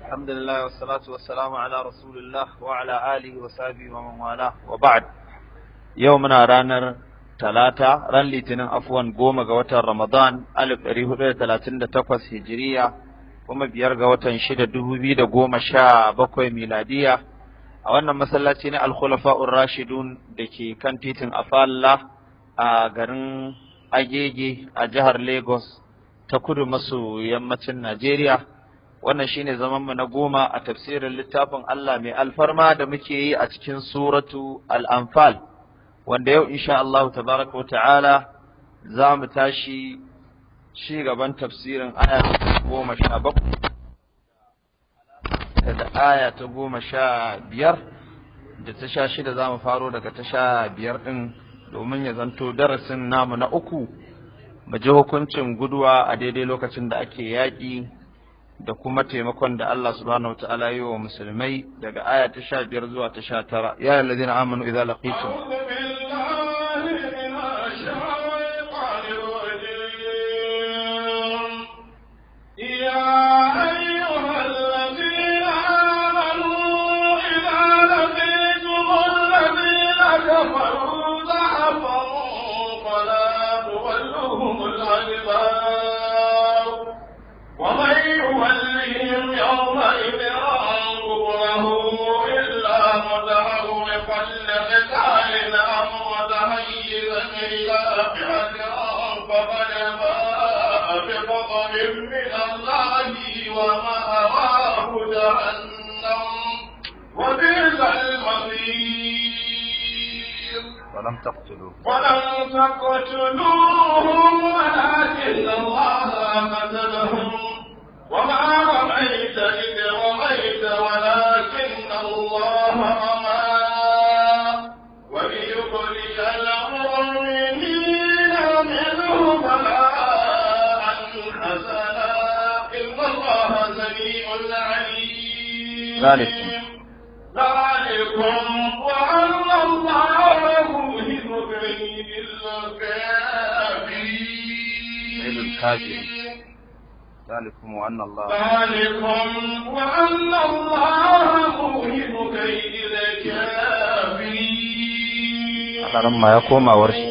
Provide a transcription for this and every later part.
الحمد لله والصلاة والسلام على رسول الله وعلى آله وصحبه ومن والاه وبعد يومنا رانر ثلاثة ران لتنا عفوا قوم قوتا رمضان ألف ريهولة ثلاثين تقوس هجرية وما بيرقى وتن شدة دهوبي ده قوم شاء بكوي ميلادية أولنا مسلاتين الخلفاء الراشدون دكي كان تيتن أفال الله a garin agege a jihar ta kudu maso yammacin Najeriya. Wannan shine zaman mu na goma a tafsirin littafin Allah mai alfarma da muke yi a cikin suratu al amfal wanda yau insha Allah tabaraka wa ta'ala za mu tashi shi gaban tafsirin aya goma sha bakwai da aya ta goma sha biyar da ta sha shida za mu faro daga ta sha biyar ɗin domin ya zanto darasin namu na uku mu ji hukuncin guduwa a daidai lokacin da ake yaƙi da kuma taimakon da Allah subhanahu wataala yi wa musulmai daga aya ta sha biyar zuwa ta sha tara ya alladhina amanu idza laqitum يومئذ ظهوره إلا مدعو لقتال نعم متهيئا إلى فئة فقد باء بغضب من الله ومأواه جهنم وبئس المصير ولم تقتلوه ولم تقتلوه ولكن الله قتلهم وما ذلكم ذلكم وأن الله مهن كيد الكافرين الكافرين ذلكم وأن الله ذلكم وأن الله مهن كيد الكافرين أنا يقوم أورشي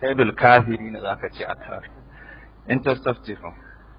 كيد الكافرين ذاك تي أثر أنت استفتهم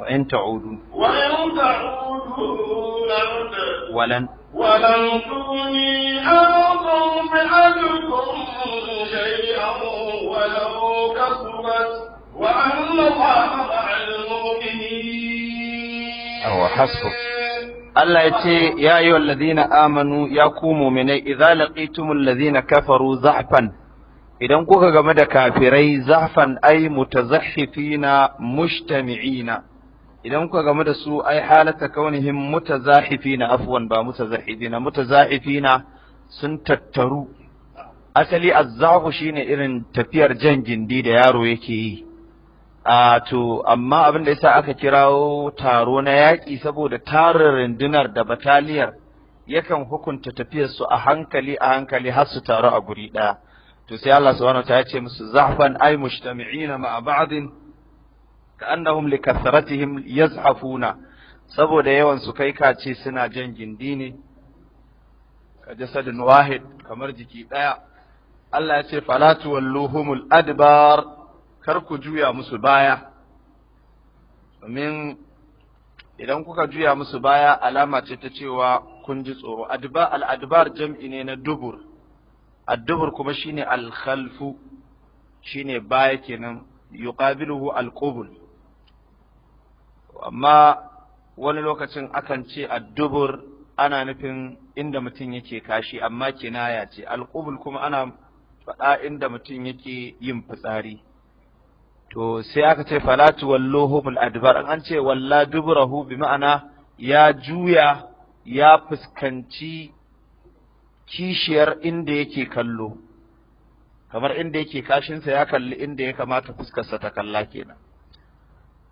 وإن تعودوا وإن تعودوا ولن ولن تغني أرضكم بأحدكم شيئا ولو كسبت وأن الله مع المؤمنين أو حسبك Allah ya يا أيها الذين آمنوا يا ya من إذا لقيتم الذين كفروا kafaru idan kuka game da kafirai zafan ai mutazahifina mujtami'ina idan kuka game da su ai halata kaunihim mutazahifina afwan ba mutazahifina mutazahifina sun tattaru asali azzahu shine irin tafiyar jan gindi da yaro yake yi a to amma abin da yasa aka kirawo taro na yaƙi saboda tarin rundunar da bataliyar yakan hukunta tafiyar su a hankali a hankali har su taru a guri ɗaya to sai Allah subhanahu wataala ya ce musu zahfan ay mujtami'ina ma'a ba'din ka'annahum likasratihim yazhafuna saboda yawan su kai kace suna jan gindi ne ka jasadin wahid kamar jiki daya Allah ya ce fala tuwalluhumul adbar kar ku juya musu baya domin idan kuka juya musu baya alama ce ta cewa kun ji tsoro adba al adbar jam'i ne na dubur addubur kuma shine alkhalfu shine baya kenan yuqabiluhu alqubul amma wani lokacin akan ce addubur ana nufin inda mutum yake kashi amma kinaya ce alqubul kuma ana faɗa inda mutum yake yin fitsari to sai aka ce falatu wallohumul adbar an ce walla duburahu bi ma'ana ya juya ya fuskanci kishiyar inda yake kallo kamar inda yake kashinsa ya kalli inda ya kamata fuskarsa ta kalla kenan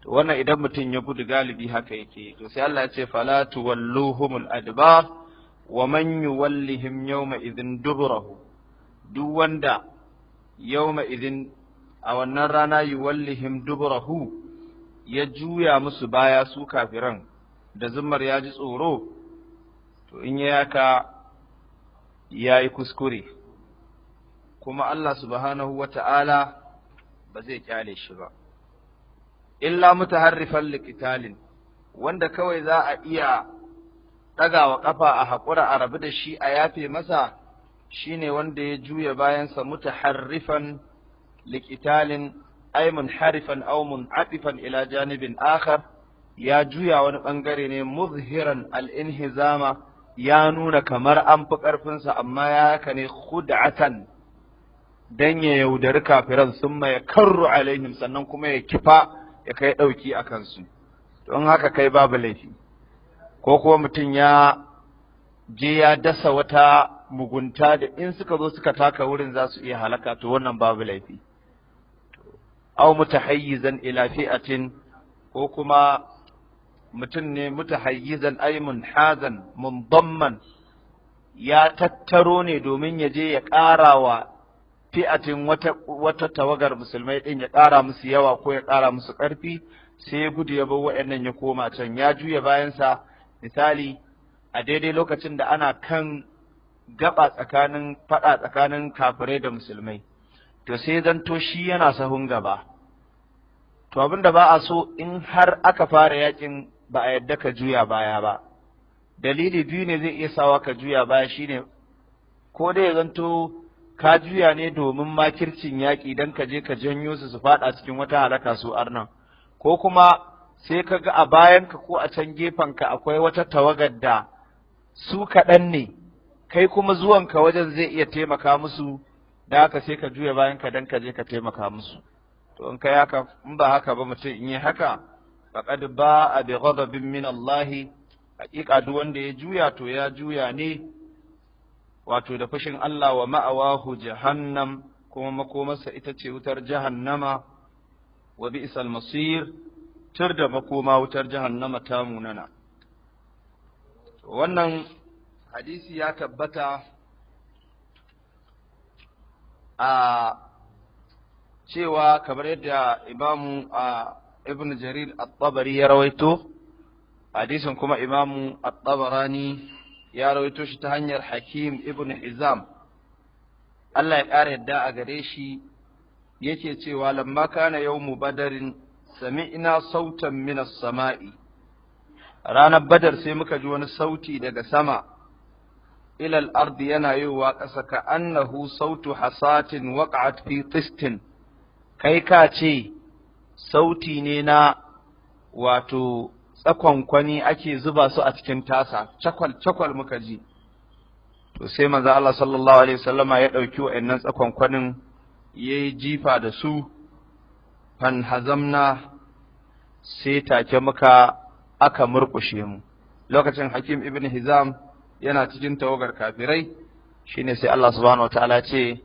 to wannan idan mutum ya gudu galibi haka yake to sai Allah ya ce fala tuwalluhumul adba wa man yuwallihim yawma idhin duburahu duk wanda yawma idhin a wannan rana yuwallihim duburahu ya juya musu baya su kafiran da zumar ya ji tsoro to in ya yaka ya yi kuskure kuma Allah subhanahu wa ta'ala ba zai kyale shi ba illa mutaharrifan likitalin wanda kawai za a iya ɗagawa ƙafa a haƙura a rabu da shi a yafe masa shine wanda ya juya bayansa mutaharrifan likitalin aimun munharifan aumun mun'atifan ila janibin akhar ya juya wani ɓangare ne muzhiran al-inhizama ya nuna kamar an fi ƙarfinsa amma ya haka ne khud'atan dan ya yaudari kafiran sun ya karru alaihim sannan kuma ya kifa ya kai ɗauki a kansu don haka kai babu laifi ko kuma mutum ya je ya dasa wata mugunta da in suka zo suka taka wurin za su iya halaka to wannan babu laifi au mutahayyizan ila fi'atin ko kuma mutum ne mutahayyizan mun hazan mundamman ya tattaro ne domin ya je ya ƙara wa fi'atin wata tawagar musulmai din ya ƙara musu yawa ko ya ƙara musu ƙarfi sai ya gudu ya bar wa'annan ya koma can ya juya bayansa misali a daidai lokacin da ana kan gaba tsakanin faɗa tsakanin kafirai da musulmai to sai zanto shi yana sahun gaba to abin da ba a so in har aka fara yakin ba a yadda ka juya baya ba dalili biyu ne zai iya sawa ka juya baya shine ko dai ya zanto ka juya ne domin makircin yaƙi don ka je ka janyo su su faɗa cikin wata halaka su arnan ko kuma sai ka ga a bayanka ko a can gefenka akwai wata tawagar da su kaɗan ne kai kuma zuwanka wajen zai iya taimaka musu da haka sai ka juya bayanka don ka je ka taimaka musu to in kai haka in ba haka ba mutum in yi haka ba a bi ghadabin min Allah hakika duk wanda ya juya to ya juya ne wato da fushin Allah wa ma'awahu jahannam kuma makomarsa ita ce wutar jahannama wa bi'sal masir tur da makoma wutar jahannama ta munana wannan hadisi ya tabbata a cewa kamar yadda imamu a ibn jarir at ya rawaito hadisin kuma Imam at ya rawaito shi ta hanyar hakim ibn hizam Allah ya ƙara yadda a gare shi yake cewa lamma kana yawmu badarin sami'na sautan minas sama'i ranar badar sai muka ji wani sauti daga sama ilal ardi yana yiwa ƙasa ka annahu sautu hasatin waqa'at fi qistin kai ka ce sauti ne na wato tsakonkwani ake zuba su a cikin tasa cakwal cakwal muka ji to sai manzo Allah sallallahu alaihi wasallama ya dauki wa'annan tsakonkwanin yayi jifa da su fan hazamna sai take muka aka murkushe mu lokacin Hakim ibn Hizam yana cikin tawagar kafirai shine sai Allah subhanahu wataala ce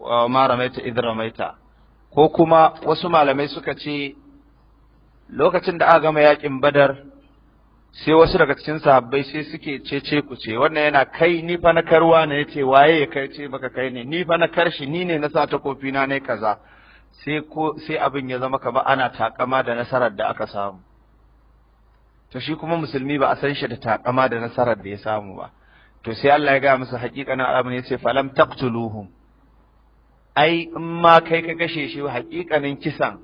wa ma ramaita idh ramaita ko kuma wasu malamai suka ce lokacin da aka gama yakin badar sai wasu daga cikin sahabbai sai suke cece ku ce wannan yana kai ni fa na karwa ne yace waye ya kai ce baka kai ne ni fa na karshi ni ne na sa ta kofi na ne kaza sai ko sai abin ya zama kamar ana takama da nasarar da aka samu to shi kuma musulmi ba a san shi da takama da nasarar da ya samu ba to sai Allah ya ga musu hakikanin abin ce falam taqtuluhum ai in ma kai ka kashe shi haƙiƙanin kisan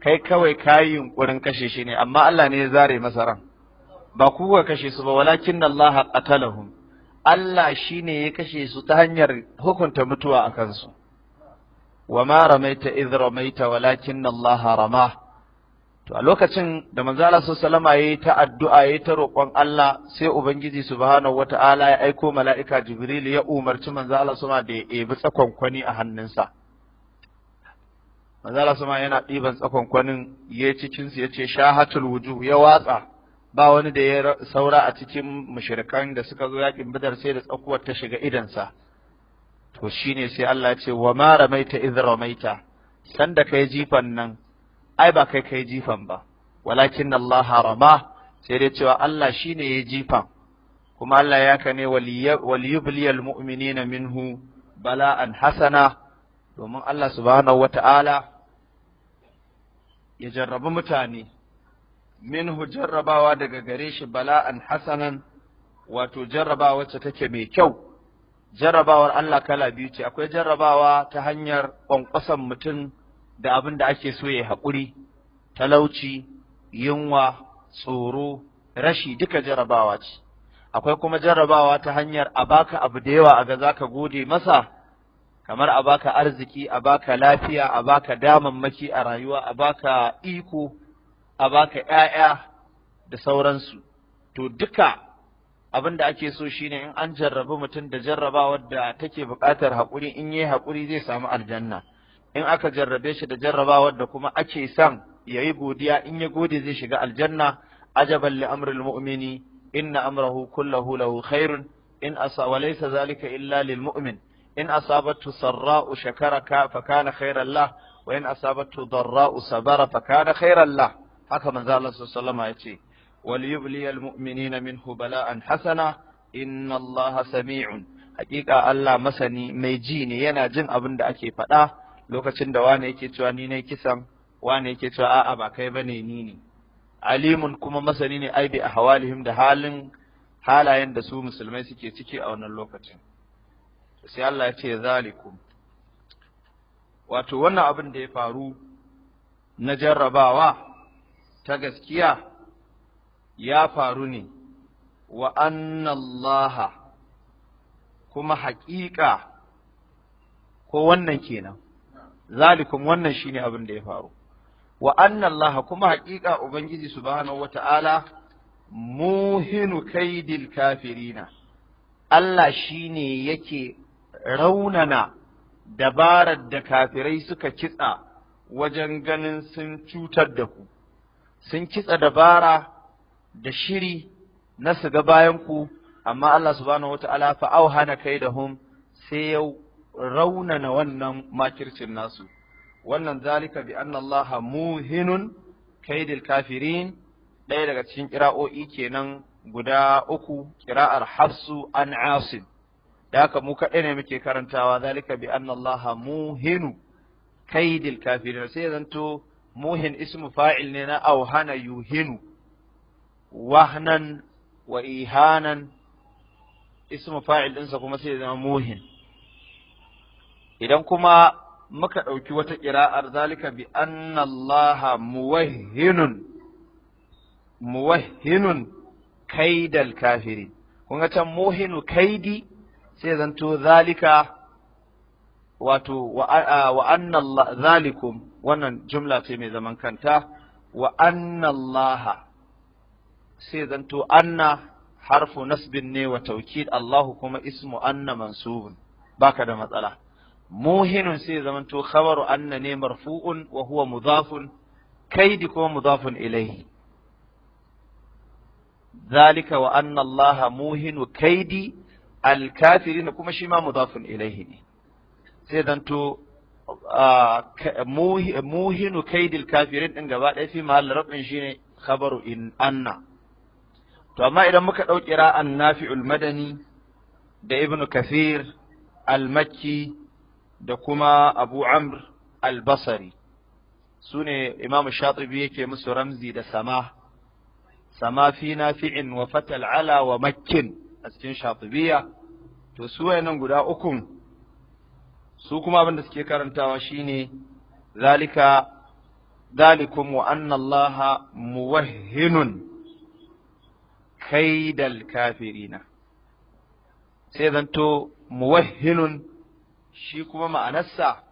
kai kawai kayi yunkurin kashe shi ne amma Allah ne ya zare masa ran ba ku kashe su ba walakin Allah qatalahum Allah shine ya kashe su ta hanyar hukunta mutuwa a kansu wa ma ramaita idh ramaita walakin Allah rama to a lokacin da Manzala Allah sallama yayi ta addu'a yayi ta roƙon Allah sai ubangiji wata wata'ala ya aiko mala'ika jibril ya umarci Manzala su ma da ya ɗebi tsakonkwani a hannunsa Manzala su ma yana ɗiban tsakonkwanin ya yi cikinsu, ya sha shahatul wuju ya watsa ba wani da ya saura a cikin mushrikan da suka zo yaƙin bidar sai da tsakuwar ta shiga idansa to shi ne sai Allah ya ce wa ma ramaita idh ramaita sanda kai jifan nan ai ba kai kai jifan ba walakin Allah harama sai dai cewa Allah shine ya jifan kuma Allah ya ka ne waliyubliyal mu'minina minhu bala'an hasana domin Allah subhanahu wata'ala ya jarrabi mutane minhu jarrabawa daga gare shi bala'an hasanan wato jarrabawa wacce take mai kyau jarrabawar Allah kala biyu ce akwai jarrabawa ta hanyar ƙwanƙwasan mutum da abin da ake so ya yi haƙuri talauci yunwa tsoro rashi duka jarabawa ce akwai kuma jarabawa ta hanyar a baka abu da yawa a ga ka gode masa kamar a baka arziki a baka lafiya a baka damammaki a rayuwa a baka iko a baka 'ya'ya da sauransu to duka abin da ake so shine in an jarrabi mutum da jarrabawar da take buƙatar haƙuri in yi haƙuri zai samu aljanna in aka jarrabe shi da jarrabawa da kuma ake son yayi godiya in ya gode zai shiga aljanna ajaban li amril mu'mini inna amrahu kullahu lahu khairun in asa wa laysa zalika illa lil mu'min in asabatu sarra'u shakara fa kana khairan lah wa in asabatu darra'u sabara fa kana khairan lah haka manzo Allah sallallahu alaihi wasallam yace wal yubli al mu'minina minhu bala'an hasana inna Allah sami'un haqiqa Allah masani mai ji ne yana jin abin da ake faɗa lokacin da wane yake cewa ni ne kisan wane yake cewa a'a ba kai bane ni ne alimun kuma masani ne aibi a hawalihim da halin halayen da su musulmai suke ciki a wannan lokacin sai Allah ya ce zalikum wato wannan abin da ya faru na jarrabawa ta gaskiya ya faru ne wa annallaha kuma haƙiƙa ko wannan kenan zalikum wannan shine abin da ya faru wa anna allaha kuma haƙiƙa ubangiji subhanahu wata'ala muhinu kaidil kafirina Allah shine yake raunana dabarar da kafirai suka kitsa wajen ganin sun cutar da ku sun kitsa dabara da shiri na su ga bayan ku amma Allah subhanahu wata'ala kai da hum sai yau raunana wannan makircin nasu wannan zalika bi anna Allah muhinun kaidil kafirin ɗaya daga cikin kira'o'i kenan guda uku kira'ar hafsu an asim da haka mu kaɗai ne muke karantawa zalika bi anna Allah muhinu kaidil kafirin sai zanto muhin ismu fa'il ne na auhana yuhinu wahnan wa ihanan ismu fa'il ɗinsa kuma sai zama muhin idan kuma muka ɗauki wata ƙira'ar zalika bi anna Allah muwahhinun muwahhinun kaidal kafiri kun ga can muhinu kaidi sai zanto zalika wato wa anna Allah zalikum wannan jumla ce mai zaman kanta wa anna Allah sai zanto anna harfu nasbin ne wa taukid Allahu kuma ismu anna mansubun baka da matsala muhinun sai zamanto khabaru anna ne marfu'un wa huwa mudafun kaidi kuma mudafun ilaihi zalika wa anna Allah muhinu kaidi alkafirin kuma shi ma mudafun ilaihi ne sai zanto muhinu kaidi alkafirin din gaba ɗaya fi mahal rabin shine khabaru in anna to amma idan muka ɗauki ra'an nafi'ul madani da ibnu kafir al-makki da kuma Abu Amr al-Basri su ne Imam Shatibi yake musu ramzi da sama sama fi nafi'in wa fatal ala wa makkin a cikin Shatibiyya to su wayannan guda ukun su kuma abin da suke karantawa shine zalika ذلكم وأن الله موهن كيد الكافرين سيدنتو موهن shi kuma ma'anarsa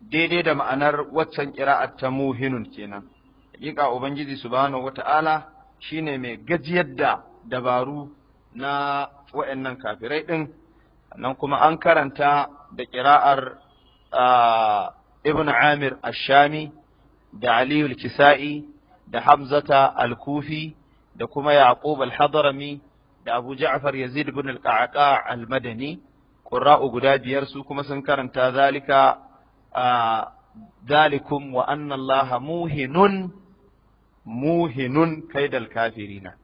daidai da ma'anar waccan ƙira'ar ta muhinun kenan hakika ubangiji subhanahu wata'ala shine mai gajiyar da dabaru na wa'annan kafirai ɗin nan kuma an karanta da ƙira'ar ibn amir ashami da aliyu kisa'i da hamzata al-kufi da kuma yaqub al-hadrami da abu ja'far yazid ibn al-qa'qa al-madani ƙura'u guda biyar su kuma sun karanta zalika a dalikum wa anna allaha muhinun muhinun kaidal kafirina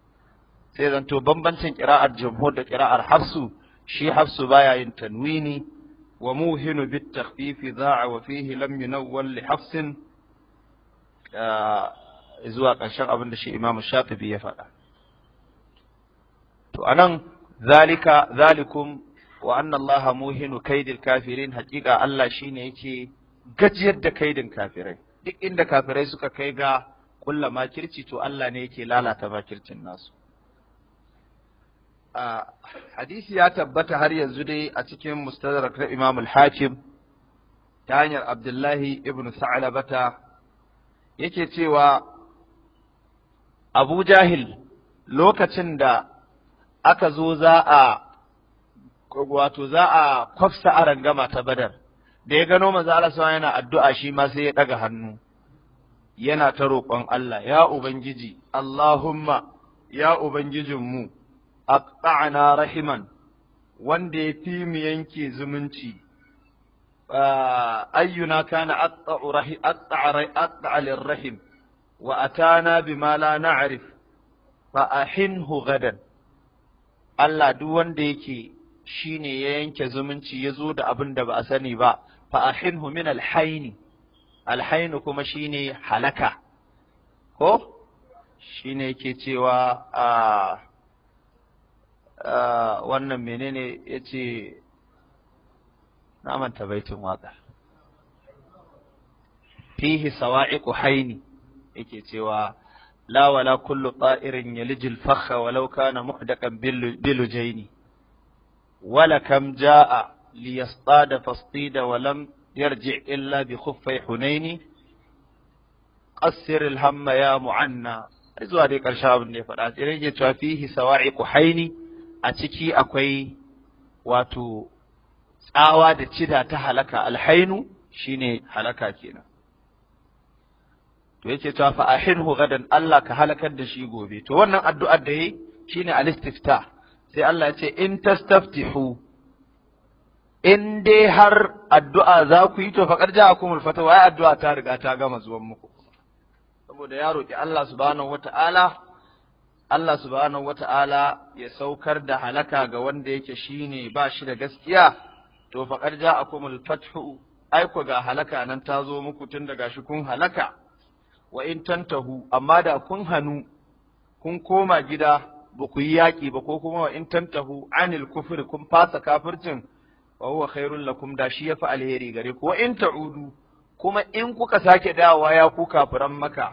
sai zanto bambancin ƙira'ar jamhur da ƙira'ar hafsu shi hafsu baya yin tanwini wa muhinu bit takhfifi za'a wa fihi lam yunawwal li hafsin zuwa ƙarshen abin da shi imamu shatibi ya faɗa to anan zalika zalikum wa anna allaha muhinu kaidil kafirin haƙiƙa Allah shine yake gajiyar da kaidin kafirai duk inda kafirai suka kai ga kulla makirci to Allah ne yake lalata makircin nasu a hadisi ya tabbata har yanzu dai a cikin mustadrak na Imam al-Hakim ta hanyar Abdullahi ibn Sa'labata yake cewa Abu Jahil lokacin da aka zo za a wato za a kwafsa rangama ta badar da ya gano manzo yana addu'a shi ma sai ya ɗaga hannu yana ta roƙon Allah ya ubangiji Allahumma ya ubangijinmu ƙa’ana rahiman wanda ya fi mu yanke zumunci ayyuna kana aqta'u rahim aqta'a lirrahim wa bi mala na arif fa hu gadan Allah duk wanda yake Shi ne ya yanke zumunci ya zo da abin da ba a sani ba fa ahinhu min alhaini alhaini kuma ne halaka ko ne ke cewa a wannan menene ce na manta baitin waka fihi sawa'iqu haini yake cewa la wala kullu ta'irin yalijil fakha walau kana muhdaqan bilujaini ولكم جاء ليصطاد فاصطيد ولم يرجع إلا بخفي حنين قصر الهم يا معنى zuwa dai ƙarshen abin da ya faɗa tsirin ya cewa fihi sawa'i haini. a ciki akwai wato tsawa da cida ta halaka alhainu shine halaka kenan to yace cewa fa ahinhu gadan Allah ka halakar da shi gobe to wannan addu'ar da yi shine al istiftah sai Allah ya ce in tastaftihu in dai har addu'a za ku yi to faqad ja'akumul fatawa ai addu'a ta riga ta gama zuwan muku saboda ya ki Allah subhanahu wata'ala Allah subhanahu wata'ala ya saukar da halaka ga wanda yake shine ba shi da gaskiya to ja ja'akumul fathu ai ku ga halaka nan ta zo muku tun daga shi kun halaka wa in tantahu amma da kun hannu kun koma gida ba ku yi yaƙi ba ko kuma wa in tantahu anil kufur kun fasa kafircin wa huwa khairul lakum da shi yafi alheri gare ku wa in ta'udu kuma in kuka sake dawowa ya ku kafiran maka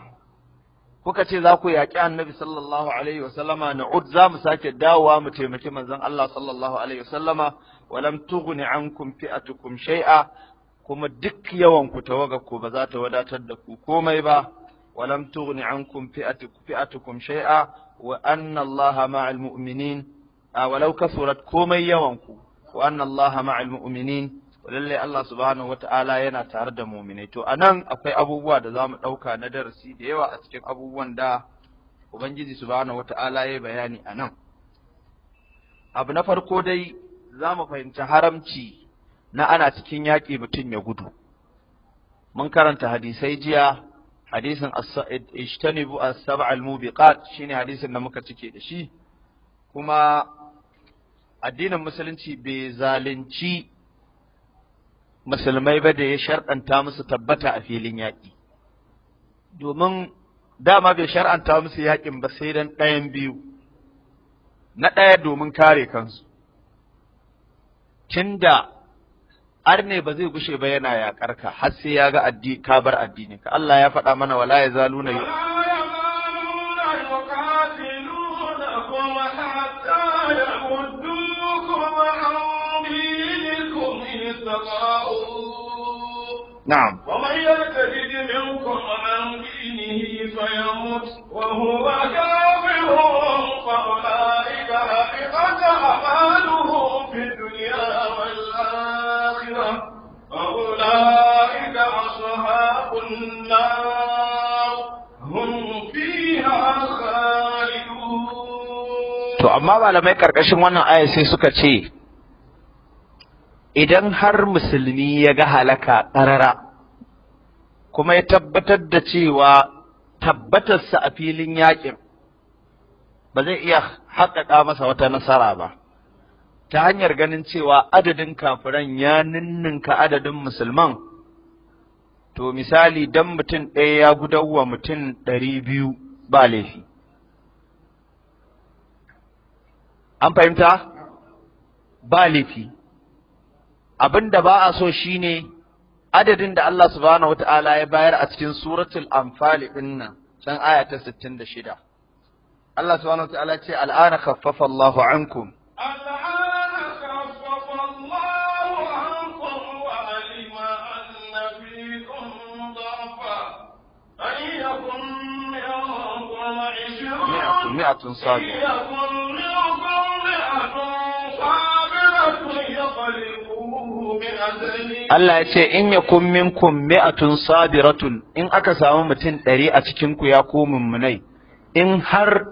kuka ce za ku yaƙi annabi sallallahu alaihi wasallama na'ud za mu sake dawowa mu taimaki manzon Allah sallallahu alaihi wasallama wa lam tughni ankum fi'atukum shay'a kuma duk yawan ku tawaga ku ba za ta wadatar da ku komai ba wa lam tughni ankum fi'atukum shay'a wa anna Allah ma'al mu'minin walau kasurat komai yawanku wa anna Allah ma'al mu'minin lallai Allah subhanahu wata'ala yana tare da mu'minai to anan akwai abubuwa da zamu dauka na darasi da yawa a cikin abubuwan da Ubangiji subhanahu wata'ala ya bayani anan abu na farko dai zamu fahimci haramci na ana cikin yaƙi mutum ya gudu mun karanta hadisai jiya hadisin ijtanibu as-sab'a al-mubiqat shine hadisin da muka cike da shi kuma addinin musulunci bai zalunci musulmai ba da ya shar'anta musu tabbata a filin yaƙi domin dama bai shar'anta musu yaƙin ba sai dan ɗayan biyu na ɗaya domin kare kansu tunda arne ba zai gushe ba yana yakar ka har sai ya ga addini ka bar addini ka Allah ya faɗa mana wala ya zaluna yu نعم ومن يرتد منكم عن دينه فيمت وهو كافر to amma malamai karkashin wannan aya sai suka ce idan har musulmi ya ga halaka ƙarara kuma ya tabbatar da cewa tabbatarsa a filin yaƙin ba zai iya haƙaƙa masa wata nasara ba ta hanyar ganin cewa adadin kafiran ya ninninka adadin musulman to misali dan mutum ɗaya ya wa mutum ɗari biyu ba laifi an fahimta ba laifi abinda ba a so shine adadin da Allah subhanahu wata'ala ya bayar a cikin suratul anfal din nan can aya ta 66 Allah subhanahu wata'ala ce al'ana khaffafa Allah ankum مئة صادقة Allah ya ce in yakun minkum mi'atun sabiratun in aka samu mutum ɗari a cikin ku ya ko mummunai in har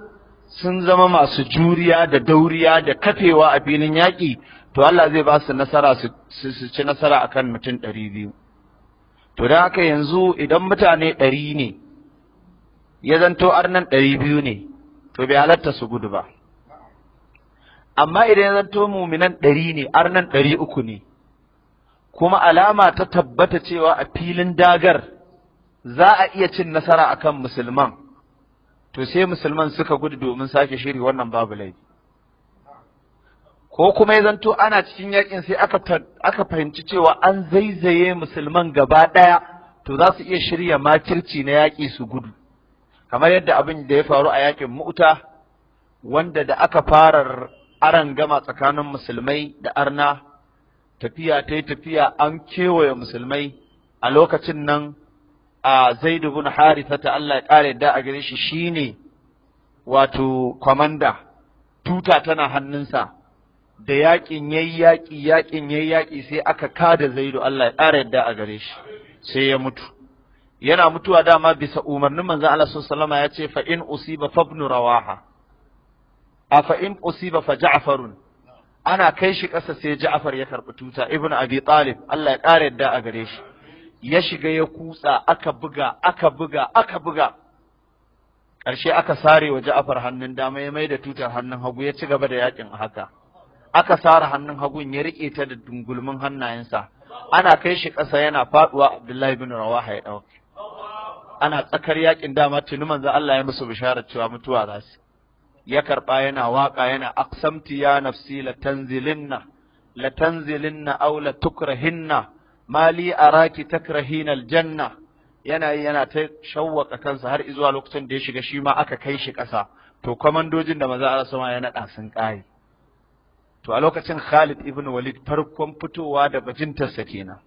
sun zama masu juriya da dauriya da kafewa a filin yaƙi to Allah zai ba su nasara su ci nasara akan mutum ɗari biyu to da haka yanzu idan mutane ɗari ne ya zanto arnan ɗari biyu ne to bai halatta su gudu ba amma idan ya zanto muminan ɗari ne arnan ɗari uku ne kuma alama ta tabbata cewa a filin dagar za a iya cin nasara akan musulman to sai musulman suka gudu domin sake shiri wannan babu laifi ko kuma ya zanto ana cikin yakin sai aka fahimci cewa an zaizaye musulman gaba ɗaya to za su iya shirya makirci na yaƙi su gudu kamar yadda abin da ya faru a yakin Muta, wanda da aka fara aran gama tsakanin musulmai da arna tafiya ta yi tafiya an kewaye musulmai a lokacin nan a zaid na haritha ta Allah ya kare da a gare shi shine wato kwamanda tuta tana hannunsa da yakin yayi yaki yakin yayi yaƙi, sai aka kada zaidu Allah ya kare da a gare shi sai ya mutu yana mutuwa dama bisa umarnin manzon Allah sallallahu alaihi wasallam ya ce fa in usiba fabnu rawaha afa in usiba fa ja'farun ana kai shi ƙasa sai ja'far ya karɓi tuta ibnu abi talib Allah ya ƙara yadda a gare shi ya shiga ya kutsa aka buga aka buga aka buga ƙarshe aka sare wa ja'far hannun dama ya mai da tutar hannun hagu ya ci gaba da yakin haka aka sare hannun hagun ya riƙe ta da dungulmin hannayensa ana kai shi ƙasa yana faɗuwa abdullahi bin rawaha ya ɗauke ana tsakar yakin dama tuni manzo Allah ya musu bisharar cewa mutuwa za su ya karɓa yana waƙa yana aksamti ya nafsi la tanzilinna la tanzilinna aw la tukrahinna mali araki takrahina aljanna yana yana ta shawwaka kansa har izuwa lokacin da ya shiga shi ma aka kai shi ƙasa to kwamandojin da maza Allah sama ya naɗa sun ƙaye. to a lokacin Khalid ibn Walid farkon fitowa da bajintarsa kenan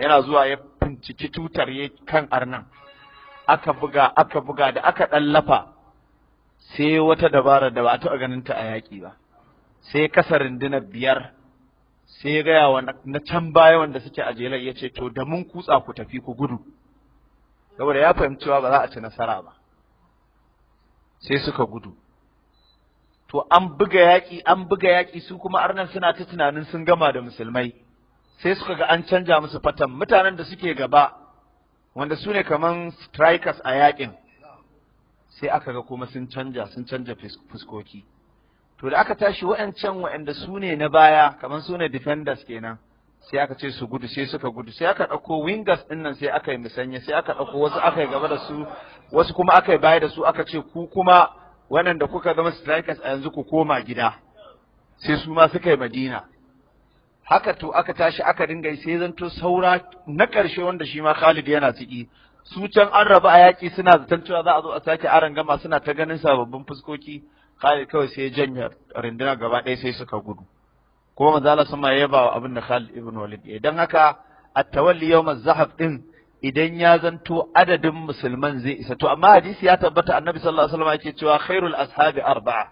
yana zuwa ya binciki tutar ya kan arnan aka buga aka buga da aka ɗallafa sai wata dabara da ba a taɓa ganin ta a yaƙi ba sai kasa rundunar biyar sai ya gaya wa na can baya wanda suke a jelar ya ce to da mun kutsa ku tafi ku gudu saboda ya fahimci cewa ba za a ci nasara ba sai suka gudu to an buga yaƙi an buga yaƙi su kuma arnan suna ta tunanin sun gama da musulmai sai suka ga an canja musu fatan mutanen da suke gaba wanda su ne kaman strikers a yaƙin sai aka ga kuma sun canja sun canja fuskoki to da aka tashi wa'ancan wa'anda su ne na baya kamar su ne defenders kenan sai aka ce su gudu sai suka gudu sai aka ɗauko wingers ɗin nan sai aka yi musanya sai aka ɗauko wasu aka yi gaba da su wasu kuma aka yi baya da su aka ce ku kuma waɗanda kuka zama strikers a yanzu ku koma gida sai su ma suka yi madina haka to aka tashi aka dinga sai zanto saura na ƙarshe wanda shi ma Khalid yana ciki su can an raba a yaƙi suna zaton cewa za a zo a sake aran gama suna ta ganin sababbin fuskoki Khalid kawai sai ya janya rinduna gaba ɗaya sai suka gudu kuma manzala sama ya yaba wa abin da Khalid ibn Walid ya dan haka at-tawalli yawm az-zahab din idan ya zanto adadin musulman zai isa to amma hadisi ya tabbata annabi sallallahu alaihi wasallam yake cewa khairul ashabi arba'a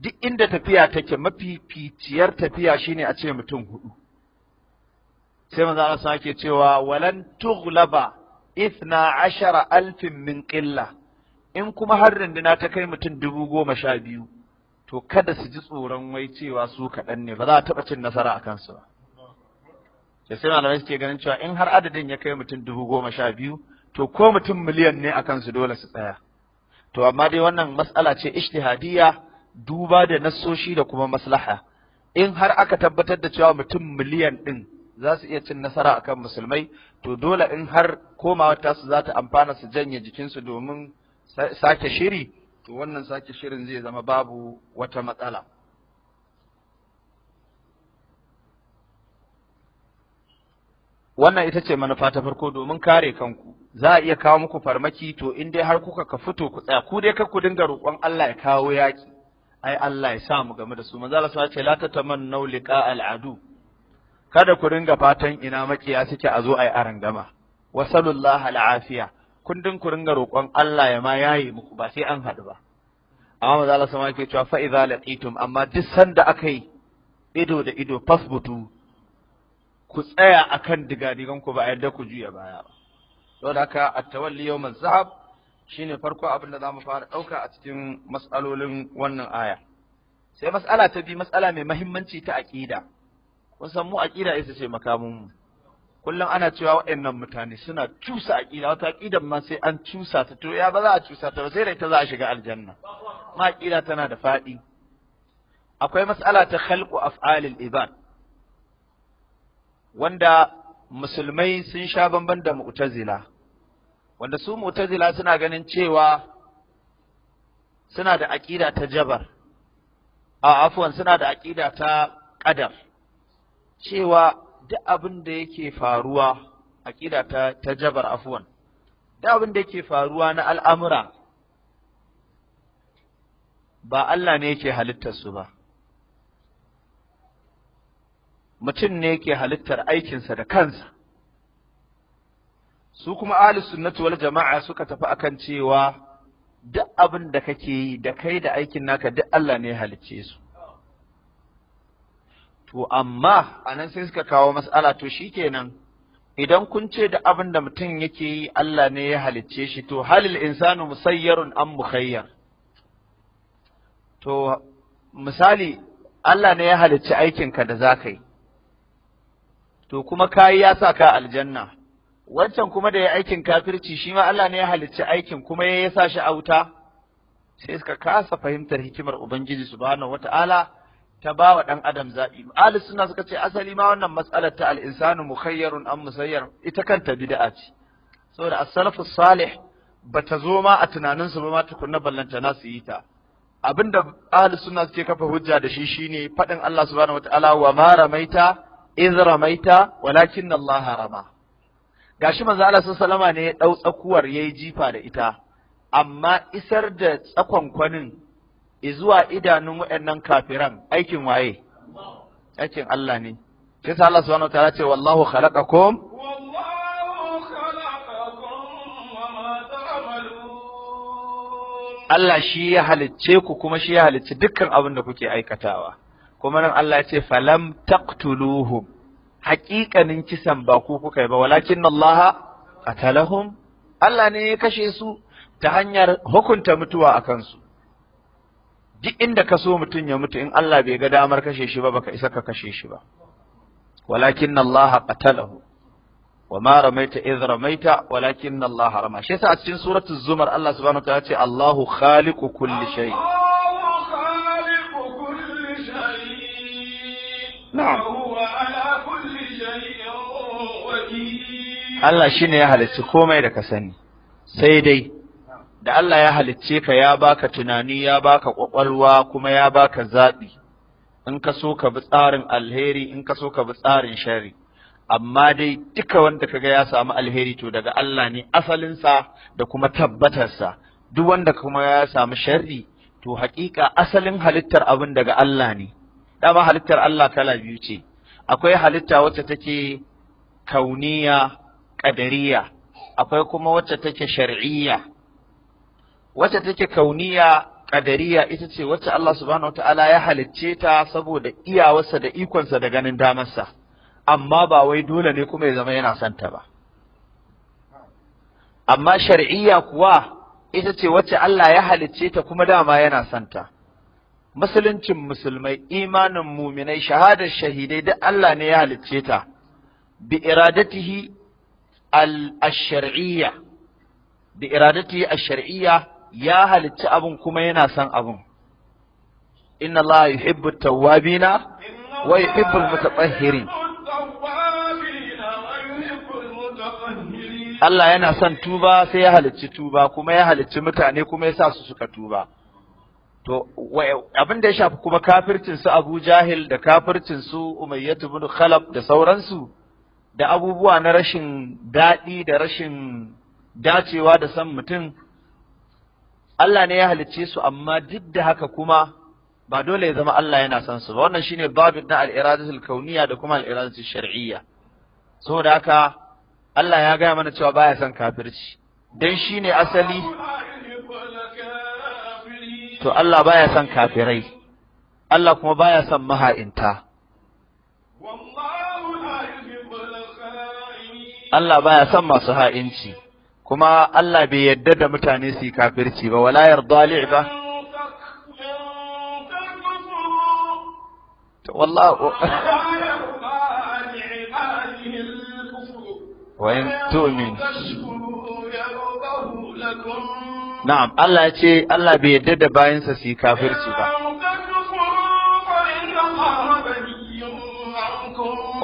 duk inda tafiya take mafificiyar tafiya shine a ce mutum hudu sai manzo Allah yake cewa walan tughlaba isna ashara alfin min ƙilla in kuma har runduna ta kai mutum dubu goma sha biyu to kada su ji tsoron wai cewa su kaɗan ne ba za a taɓa cin nasara a kansu ba da sai malamai suke ganin cewa in har adadin ya kai mutum dubu goma sha biyu to ko mutum miliyan ne a kansu dole su tsaya to amma dai wannan matsala ce ishtihadiyya duba da nasoshi da kuma maslaha in har aka tabbatar da cewa mutum miliyan ɗin za su iya cin nasara akan musulmai to dole in har komawar tasu za ta amfana su janye jikinsu domin sake shiri to wannan sake shirin zai zama babu wata matsala wannan ita ce manufa ta farko domin kare kanku za a iya kawo muku farmaki to in dai har kuka ka fito ku tsaya ku dai kar ku dinga roƙon Allah ya kawo yaki ai Allah ya sa mu game da su manzo Allah ya ce la tatamannu liqa al adu kada ku ringa fatan ina makiya suke a zo a yi arangama wasallallahu al'afiya kundin ku ringa roƙon Allah ya ma yayi muku ba sai an haɗu ba amma maza Allah sama ke cewa fa idza amma duk sanda aka yi ido da ido fasbutu ku tsaya a kan digadigan ku ba a yadda ku juya baya ba da haka a tawalli yau az-zahab ne farko abin da za mu fara ɗauka a cikin mas'alolin wannan aya sai mas'ala ta biyu mas'ala mai mahimmanci ta aƙida. kun san mu aqida ita ce makamin mu kullum ana cewa waɗannan mutane suna cusa aƙida wata aƙidan ma sai an cusa ta to ya ba za a cusa ta ba sai dai ta za a shiga aljanna ma aƙida tana da faɗi akwai matsala ta khalqu af'alil ibad wanda musulmai sun sha bamban da mu'tazila wanda su mu'tazila suna ganin cewa suna da aƙida ta jabar a afwan suna da aƙida ta ƙadar. cewa duk abin da yake faruwa a ta ta jabar afuwan, duk abin da yake faruwa na al'amura ba Allah ne yake halittar su ba mutum ne yake halittar aikinsa da kansa su kuma ahlus na wal jama'a suka tafi akan cewa duk abin da kake yi da kai da aikin naka duk Allah ne ya halicce su To amma a nan sai suka kawo mas'ala to shi kenan, idan kun ce da abin da mutum yake yi Allah ne ya halicce shi to halil insanu musayyarun an mukhayyar. To misali Allah ne ya halicci aikinka da za ka yi, to kuma kayi ya sa ka aljanna, wancan kuma da ya aikin kafirci shi ma Allah ne ya halicci aikin kuma ya sa shi a wuta, sai suka kasa fahimtar hikimar Ubangiji subhanahu wata'ala ta ba wa ɗan adam zaɓi. Ali suna suka ce asali ma wannan matsalar ta al'insanu mukhayyarun an musayyar ita kanta bid'a ce. Saboda as-salafu salih ba ta zo ma a tunaninsu ba ma tukunna ballanta na su yi ta. Abinda ahli suna suke kafa hujja da shi shine faɗin Allah subhanahu wataala wa ma ramaita iz ramaita walakin Allah rama. Gashi manzo Allah sallallahu alaihi ne ya dau tsakuwar yayi jifa da ita amma isar da tsakon kwanin zuwa idanun waɗannan kafiran aikin waye aikin Allah ne shi Allah subhanahu wataala ce wallahu khalaqakum Allah shi ya halicce ku kuma shi ya halicci dukkan abin da kuke aikatawa kuma nan Allah ya ce falam taqtuluhum haƙiƙanin kisan ba ku kuka yi ba walakin Allah qatalahum Allah ne ya kashe su ta hanyar hukunta mutuwa a kansu duk inda ka so mutum ya mutu in Allah bai ga damar kashe shi ba baka isa ka kashe shi ba walakin Allah qatalahu wa ma ramaita idh ramaita walakin Allah rama shi yasa a cikin suratul zumar Allah subhanahu wa ta'ala ce Allahu khaliqu kulli shay na'am Allah shine ya halicci komai da ka sani sai dai da Allah ya halicce ka ya baka tunani ya baka kwakwalwa kuma ya baka zaɓi in ka so ka bi tsarin alheri in ka so ka bi tsarin shari amma dai duka wanda kaga ya samu alheri to daga Allah ne asalinsa da kuma tabbatarsa duk wanda kuma ya samu sharri to hakika asalin halittar abin daga Allah ne dama halittar Allah kala biyu ce akwai halitta wacce take kauniya kadariya? akwai kuma wacce take shar'iyya wacce take kauniya kadariya ita ce wacce Allah subhanahu wataala ya halicce ta saboda iyawarsa da ikonsa da ganin damarsa amma ba wai dole ne kuma ya zama yana son ta ba amma shar'iyya kuwa ita ce wacce Allah ya halicce ta kuma dama yana son ta musuluncin musulmai imanin muminai shahadar shahidai duk Allah ne ya halicce ta bi iradatihi al-shar'iyya bi iradatihi al-shar'iyya ya halicci abin kuma yana son abin inna allaha yuhibbu tawwabina wa yuhibbu almutatahhirin Allah yana son tuba sai ya halicci tuba kuma ya halicci mutane kuma ya sa su suka tuba to abin da ya shafi kuma kafircinsu su Abu Jahil da kafircinsu su Umayyah ibn Khalaf da sauransu da abubuwa na rashin daɗi da rashin dacewa da san mutum Allah ne ya halicce su amma duk da haka kuma ba dole ya zama Allah yana son su ba wannan shine babin na al-iradatul kauniyya da kuma al-iradatul shar'iyya saboda haka Allah ya gaya mana cewa baya son kafirci dan shine asali to Allah baya son kafirai Allah kuma baya son maha'inta Allah baya son masu ha'inci kuma Allah bai yadda da mutane su yi kafirci ba wala yarda li'ba to wallahi tu'min na'am Allah ce Allah bai yadda da bayansa su yi kafirci ba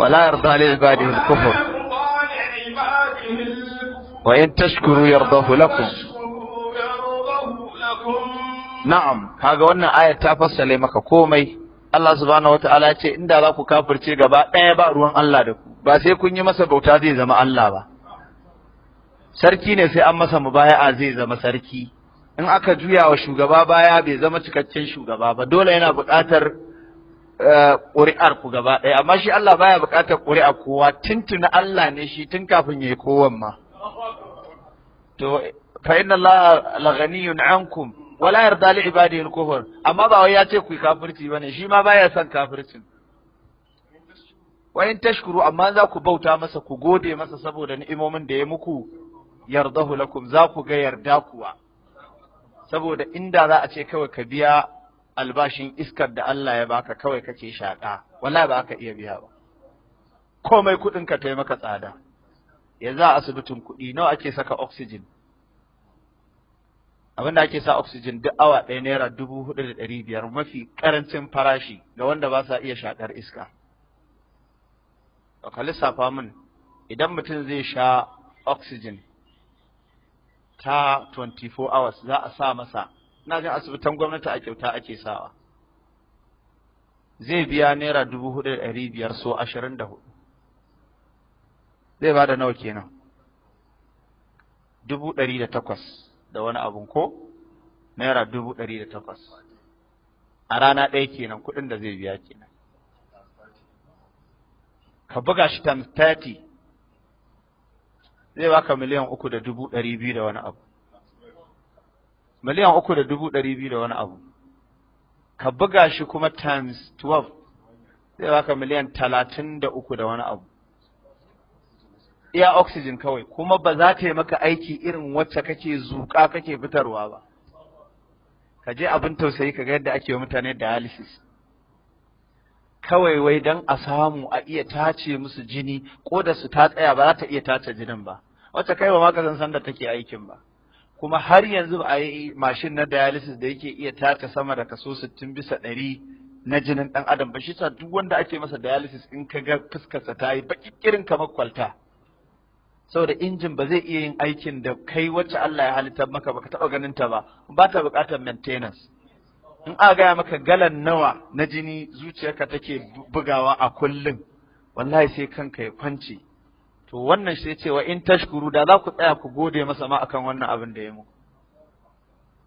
wala yarda li'ba kufur وإن تشكروا يرضه لكم na'am kaga wannan ayar ta fassale maka komai Allah subhanahu wataala ya ce inda za ku kafirce gaba ɗaya ba ruwan Allah da ku ba sai kun yi masa bauta zai zama Allah ba sarki ne sai an masa a zai zama sarki in aka juya wa shugaba baya bai zama cikakken shugaba ba dole yana buƙatar ƙuri'ar ku gaba ɗaya amma shi Allah baya buƙatar ƙuri'ar kowa tuntuna Allah ne shi tun kafin ya yi kowan to fa inna allaha laghaniyun ankum wala yarda li ibadihi al-kufr amma ba wai ya ce ku kafirci bane shi ma baya son kafircin wa in tashkuru amma za ku bauta masa ku gode masa saboda ni'imomin da ya muku yardahu lakum za ku ga yarda kuwa saboda inda za a ce kawai ka biya albashin iskar da Allah ya baka kawai kake shaka wallahi ba ka iya biya ba komai kuɗin ka taimaka tsada Ya a asibitin kuɗi nawa ake saka oxygen abin da ake sa oxygen duk awa ɗaya naira dubu hudu da ɗari biyar mafi ƙarancin farashi ga wanda ba sa iya shaƙar iska ka lissafa min idan mutum zai sha oxygen ta 24 hours za a sa masa ina jin asibitan gwamnati a kyauta ake sawa zai biya naira dubu hudu da ɗari biyar so ashirin da hudu zai ba da nawa kenan dubu ɗari da takwas da wani abun ko naira dubu ɗari da takwas a rana ɗaya kenan kuɗin da zai biya kenan ka buga shi times thirty zai baka miliyan uku da dubu ɗari biyu da wani abu miliyan uku da dubu ɗari biyu da wani abu ka buga shi kuma times twelve zai baka miliyan talatin da uku da wani abu iya oxygen kawai kuma ba za ta yi maka aiki irin wacce kake zuƙa kake fitarwa ba ka je abin tausayi ka ga yadda ake mutane dialysis kawai wai don a samu a iya tace musu jini ko da su ta tsaya ba za ta iya tace jinin ba wacce kai ba ma ka san da take aikin ba kuma har yanzu ba a yi mashin na dialysis da yake iya tace sama da kaso 60 bisa ɗari na jinin ɗan adam ba shi sa duk wanda ake masa dialysis in ka ga fuskarsa ta yi baƙi irin kamar kwalta saboda injin ba zai iya yin aikin da kai wacce Allah ya halitta maka baka taɓa ganin ta ba ba ta buƙatar maintenance in a gaya maka galan nawa na jini zuciyarka take bugawa a kullum wallahi sai kanka ya kwance to wannan shi ce wa in tashkuru da za ku tsaya ku gode masa ma akan wannan abin da ya muku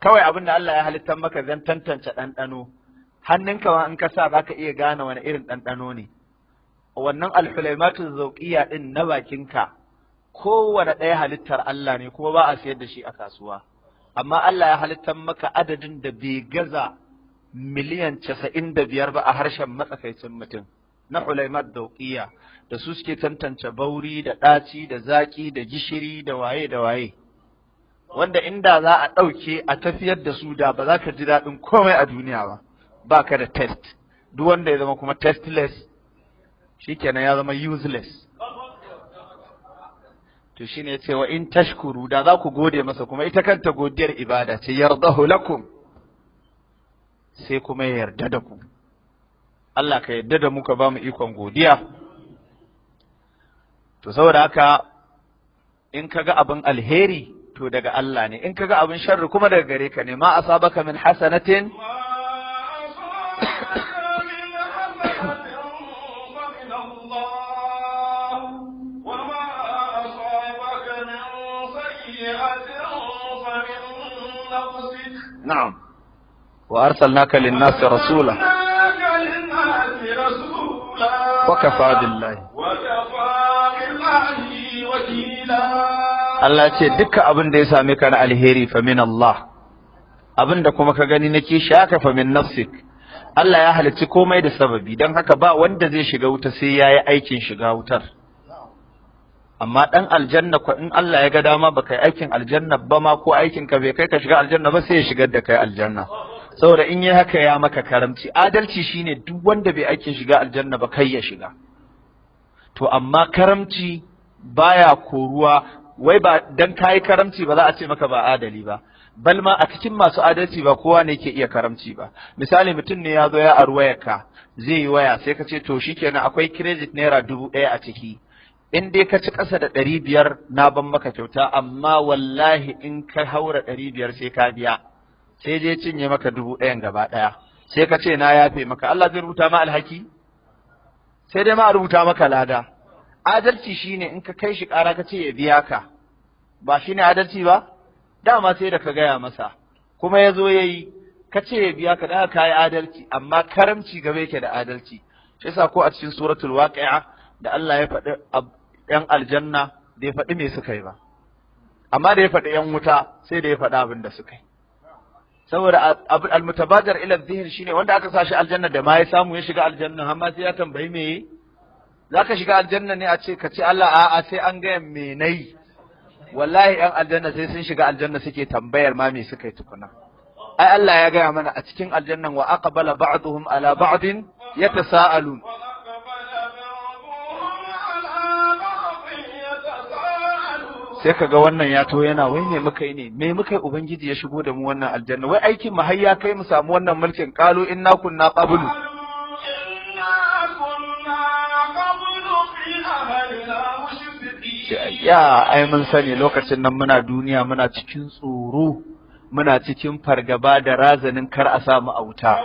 kawai abin da Allah ya halittar maka zan tantance ɗanɗano hannunka ma in ka sa za ka iya gane wani irin ɗanɗano ne wannan alhulaimatu zauƙiya ɗin na bakinka kowane ɗaya halittar Allah ne kuma ba a sayar da shi a kasuwa amma Allah ya halittar maka adadin da bai gaza miliyan casa'in da biyar ba a harshen matsakaicin mutum na Hulaimar Dauƙiya da su suke tantance bauri da ɗaci da zaƙi da gishiri da waye da waye wanda inda za a ɗauke a tafiyar da su da ba za ka ji daɗin komai a duniya ba ba ka da test duk wanda ya zama kuma testless shi kenan ya zama useless to shine ne cewa in tashkuru da za ku gode masa kuma ita kanta godiyar ibada ce yardahu lakum sai kuma ya yarda da ku Allah ka yarda da muka ba mu ikon godiya to saboda haka in ka ga abin alheri to daga Allah ne in kaga abin sharri kuma daga gare ka ne ma asabaka min hasanatin na'am wa arsalnaka lin-nas rasula wa Allah ce duka abin da ya same ka na alheri fa min Allah abin da kuma ka gani na kishi haka fa min nafsik Allah ya halicci komai da sababi don haka ba wanda zai shiga wuta sai ya yi aikin shiga wutar amma dan aljanna ko in Allah ya ga dama baka yi aikin aljanna ba ma ko aikin ka bai kai ka shiga aljanna ba sai ya shigar da kai aljanna saboda in yi haka ya maka karamci adalci shine duk wanda bai aikin shiga aljanna ba kai ya shiga to amma karamci baya koruwa wai ba dan kai karamci ba za a ce maka ba adali ba bal ma a cikin masu adalci ba kowa ne ke iya karamci ba misali mutum ne ya zo ya arwayarka zai yi waya sai ka ce to shikenan akwai credit naira dubu ɗaya a ciki in dai ka ci ƙasa da ɗari biyar na ban maka kyauta amma wallahi in ka haura ɗari biyar sai ka biya sai dai cinye maka dubu ɗayan gaba ɗaya sai ka ce na yafe maka Allah zai rubuta ma alhaki sai dai ma rubuta maka lada adalci shine in ka kai shi ƙara ka ce ya biya ka ba shine adalci ba dama sai da ka gaya masa kuma ya zo ya yi ka ce ya biya ka da ka yi adalci amma karamci gaba yake da adalci shi yasa ko a cikin suratul waqi'a da Allah ya faɗi 'yan aljanna ya faɗi me suka yi ba amma da ya faɗi 'yan wuta sai da ya faɗi abin da suka yi saboda almutabajar ila zihir ne wanda aka sa shi aljanna da ma ya samu ya shiga aljanna amma sai ya tambayi me yi. za ka shiga aljanna ne a ce ka ce Allah a'a sai an gaya me yi wallahi yan aljanna sai sun shiga aljanna suke tambayar ma me suka yi tukuna ai Allah ya gaya mana a cikin aljannan wa aqbala ba'dhum ala ba'din yatasaalun sai ka ga wannan ya to yana wai me muka yi ne me muka yi ubangiji ya shigo da mu wannan aljanna wai aikin mu har ya kai mu samu wannan mulkin qalu inna kunna qablu ya ai mun sani lokacin nan muna duniya muna cikin tsoro muna cikin fargaba da razanin kar a samu a wuta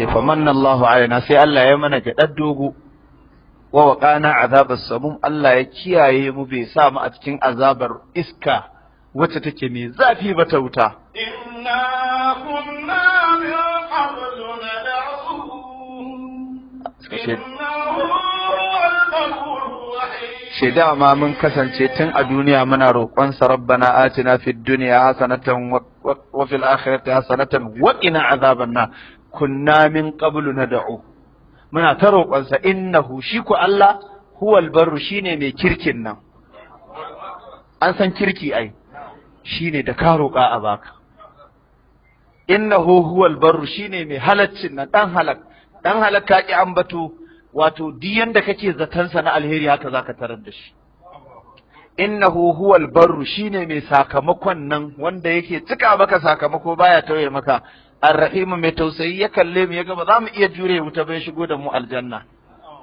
ce fa manna Allahu alaina sai Allah ya mana gadar dogo wa waqana azabar samum Allah ya kiyaye mu bai sa mu a cikin azabar iska wacce take mai zafi ba ta wuta inna ma mun kasance tun a duniya muna roƙon sa rabbana atina fid dunya hasanatan wa fil akhirati hasanatan wa qina azaban kunna min qablu nad'u muna ta roƙonsa innahu shi ku Allah huwal barru shine mai kirkin nan an san kirki ai shine da ka roƙa a baka innahu huwal barru shine mai halaccin nan dan halak dan halak ka ki ambato wato duk yanda kake zaton sa na alheri haka zaka tarar da shi innahu huwal barru shine mai sakamakon nan wanda yake cika maka sakamako baya tauye maka mu mai tausayi ya kalle mu ya ga ba za mu iya jure wuta bai shigo da mu aljanna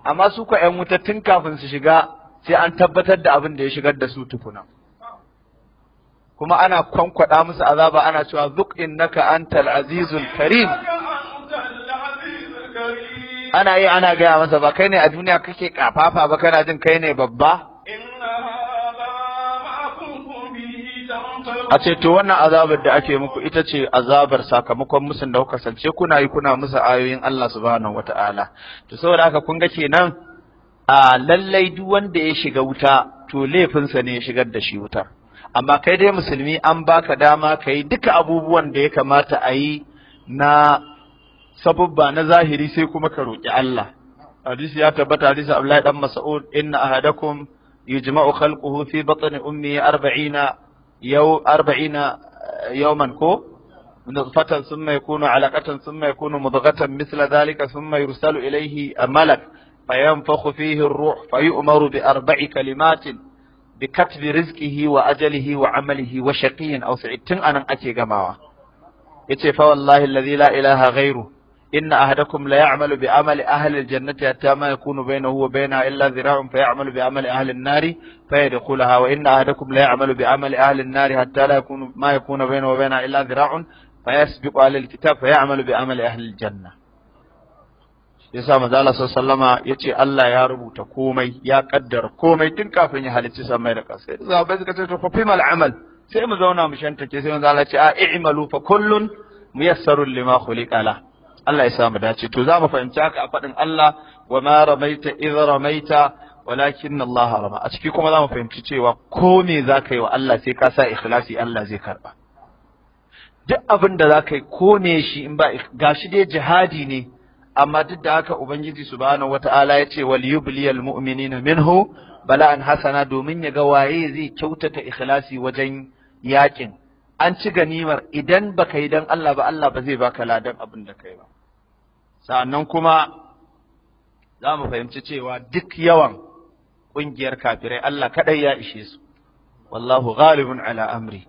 amma su ko ƴan wuta tun kafin su shiga sai an tabbatar da abin da ya shigar da su tukuna kuma ana kwankwada musu azaba ana cewa zuk innaka antal azizul karim ana yi ana gaya masa ba kai ne a duniya kake kafafa ba kana jin kai ne babba a ce to wannan azabar da ake muku ita ce azabar sakamakon musun da kuka sance kuna yi kuna musu ayoyin Allah subhanahu wata'ala to saboda haka kun ga kenan a lallai duk wanda ya shiga wuta to laifinsa ne ya shigar da shi wuta. amma kai dai musulmi an baka dama kayi duka abubuwan da ya kamata a yi na sabubba na zahiri sai kuma ka roƙi Allah hadisi ya tabbata hadisi Abdullahi dan Mas'ud inna ahadakum yujma'u khalquhu fi batni ummi 40 يو أربعين آه، يوما كو نطفة ثم يكون علقة ثم يكون مضغة مثل ذلك ثم يرسل إليه ملك فينفخ فيه الروح فيؤمر بأربع كلمات بكتب رزقه وأجله وعمله وشقي أو سعيد تن أنا أتي جماعة يتي فوالله الذي لا إله غيره إن أحدكم لا يعمل بعمل أهل الجنة حتى ما يكون بينه وبينها إلا ذراع فيعمل bi amali النار فيدخلها وإن أحدكم لا يعمل بعمل أهل النار حتى لا يكون ما يكون بينه وبينها إلا ذراع فيسبق أهل bi amali بعمل أهل الجنة yasa manzo Allah sallama yace Allah ya rubuta komai ya kaddar komai tun kafin ya halicci samai da ƙasa sahabbai suka ce to fa fimal amal sai mu zauna mu shantake sai manzo Allah ya ce a i'malu fa kullun muyassarun lima khuliqa Allah ya samu dace to za mu fahimci haka a faɗin Allah wa ma ramaita idh ramaita walakin Allah rama a ciki kuma za mu fahimci cewa ko me za ka yi wa Allah sai ka sa ikhlasi Allah zai karba duk abin da za ka yi ko me shi in ba gashi dai jihadi ne amma duk da haka ubangiji subhanahu wata'ala ya ce wal yubliyal mu'minina minhu an hasana domin ya ga waye zai kyautata ikhlasi wajen yakin an ci ganimar idan baka yi dan Allah ba Allah ba zai baka ladan abin da kai ba sa’an kuma za mu fahimci cewa duk yawan ƙungiyar kafirai Allah kaɗai ya ishe su wallahu ghalibun ala amri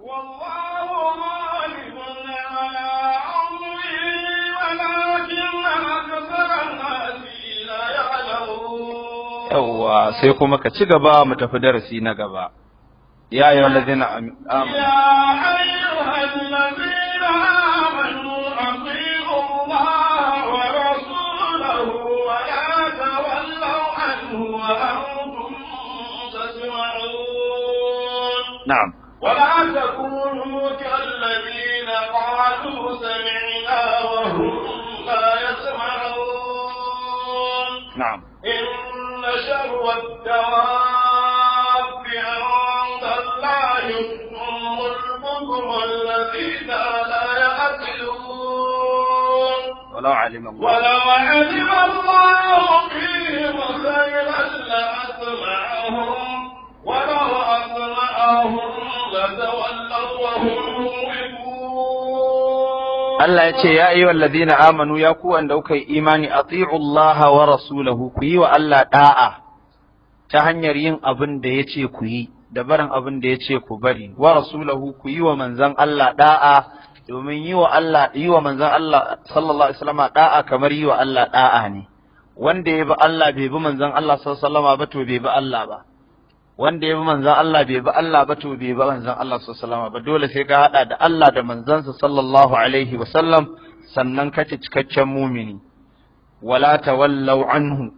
yawwa sai kuma ka ci gaba mu tafi darasi na gaba ya wani zina amin. نعم ولا تكونوا كالذين قالوا سمعنا وهم لا يسمعون نعم إن شر الدواب عند الله هم البكم الذين لا يأكلون ولو علم الله ولو علم الله فيهم خيرا لأسمعهم Allah ya ce, Ya yi Ladina amanu ya ku wanda kuka yi imani a Allah wa rasulahu ku yi wa Allah ɗa'a ta hanyar yin abin da ya ce ku yi, da barin abin da ya ce ku bari, wa rasulahu ku yi wa manzan Allah ɗa'a domin yi wa Allah yi wa manzan Allah sallallahu alaihi wasallam ɗa'a kamar yi wa Allah ɗa'a ne. Wanda ya bi Allah bai bi manzan Allah sallallahu alaihi wasallam ba to bai bi Allah ba. wanda ya bi manzon Allah bai bi Allah ba to bai bi manzon Allah sallallahu alaihi ba dole sai ka hada da Allah da manzansa sallallahu alaihi wasallam sannan kace cikakken mumini wala tawallau anhu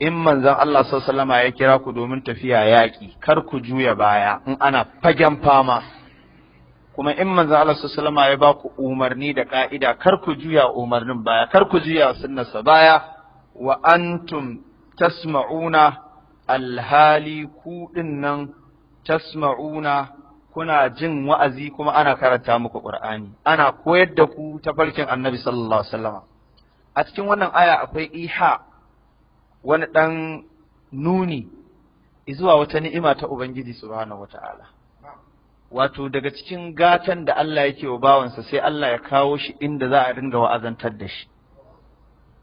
in manzon Allah sallallahu alaihi ya kira ku domin tafiya yaƙi kar ku juya baya in ana fagen fama kuma in manzon Allah sallallahu alaihi ya ba ku umarni da ka'ida kar ku juya umarnin baya kar ku juya sunnarsa baya wa antum tasma'una alhali ku nan tasma'una kuna jin wa'azi kuma ana karanta muku Qur'ani ana koyar da ku ta farkin Annabi sallallahu alaihi a cikin wannan aya akwai iha wani dan nuni zuwa wata ni'ima ta Ubangiji subhanahu wata'ala wato daga cikin gatan da Allah yake wa bawansa sai Allah ya kawo shi inda za a dinga wa'azantar da shi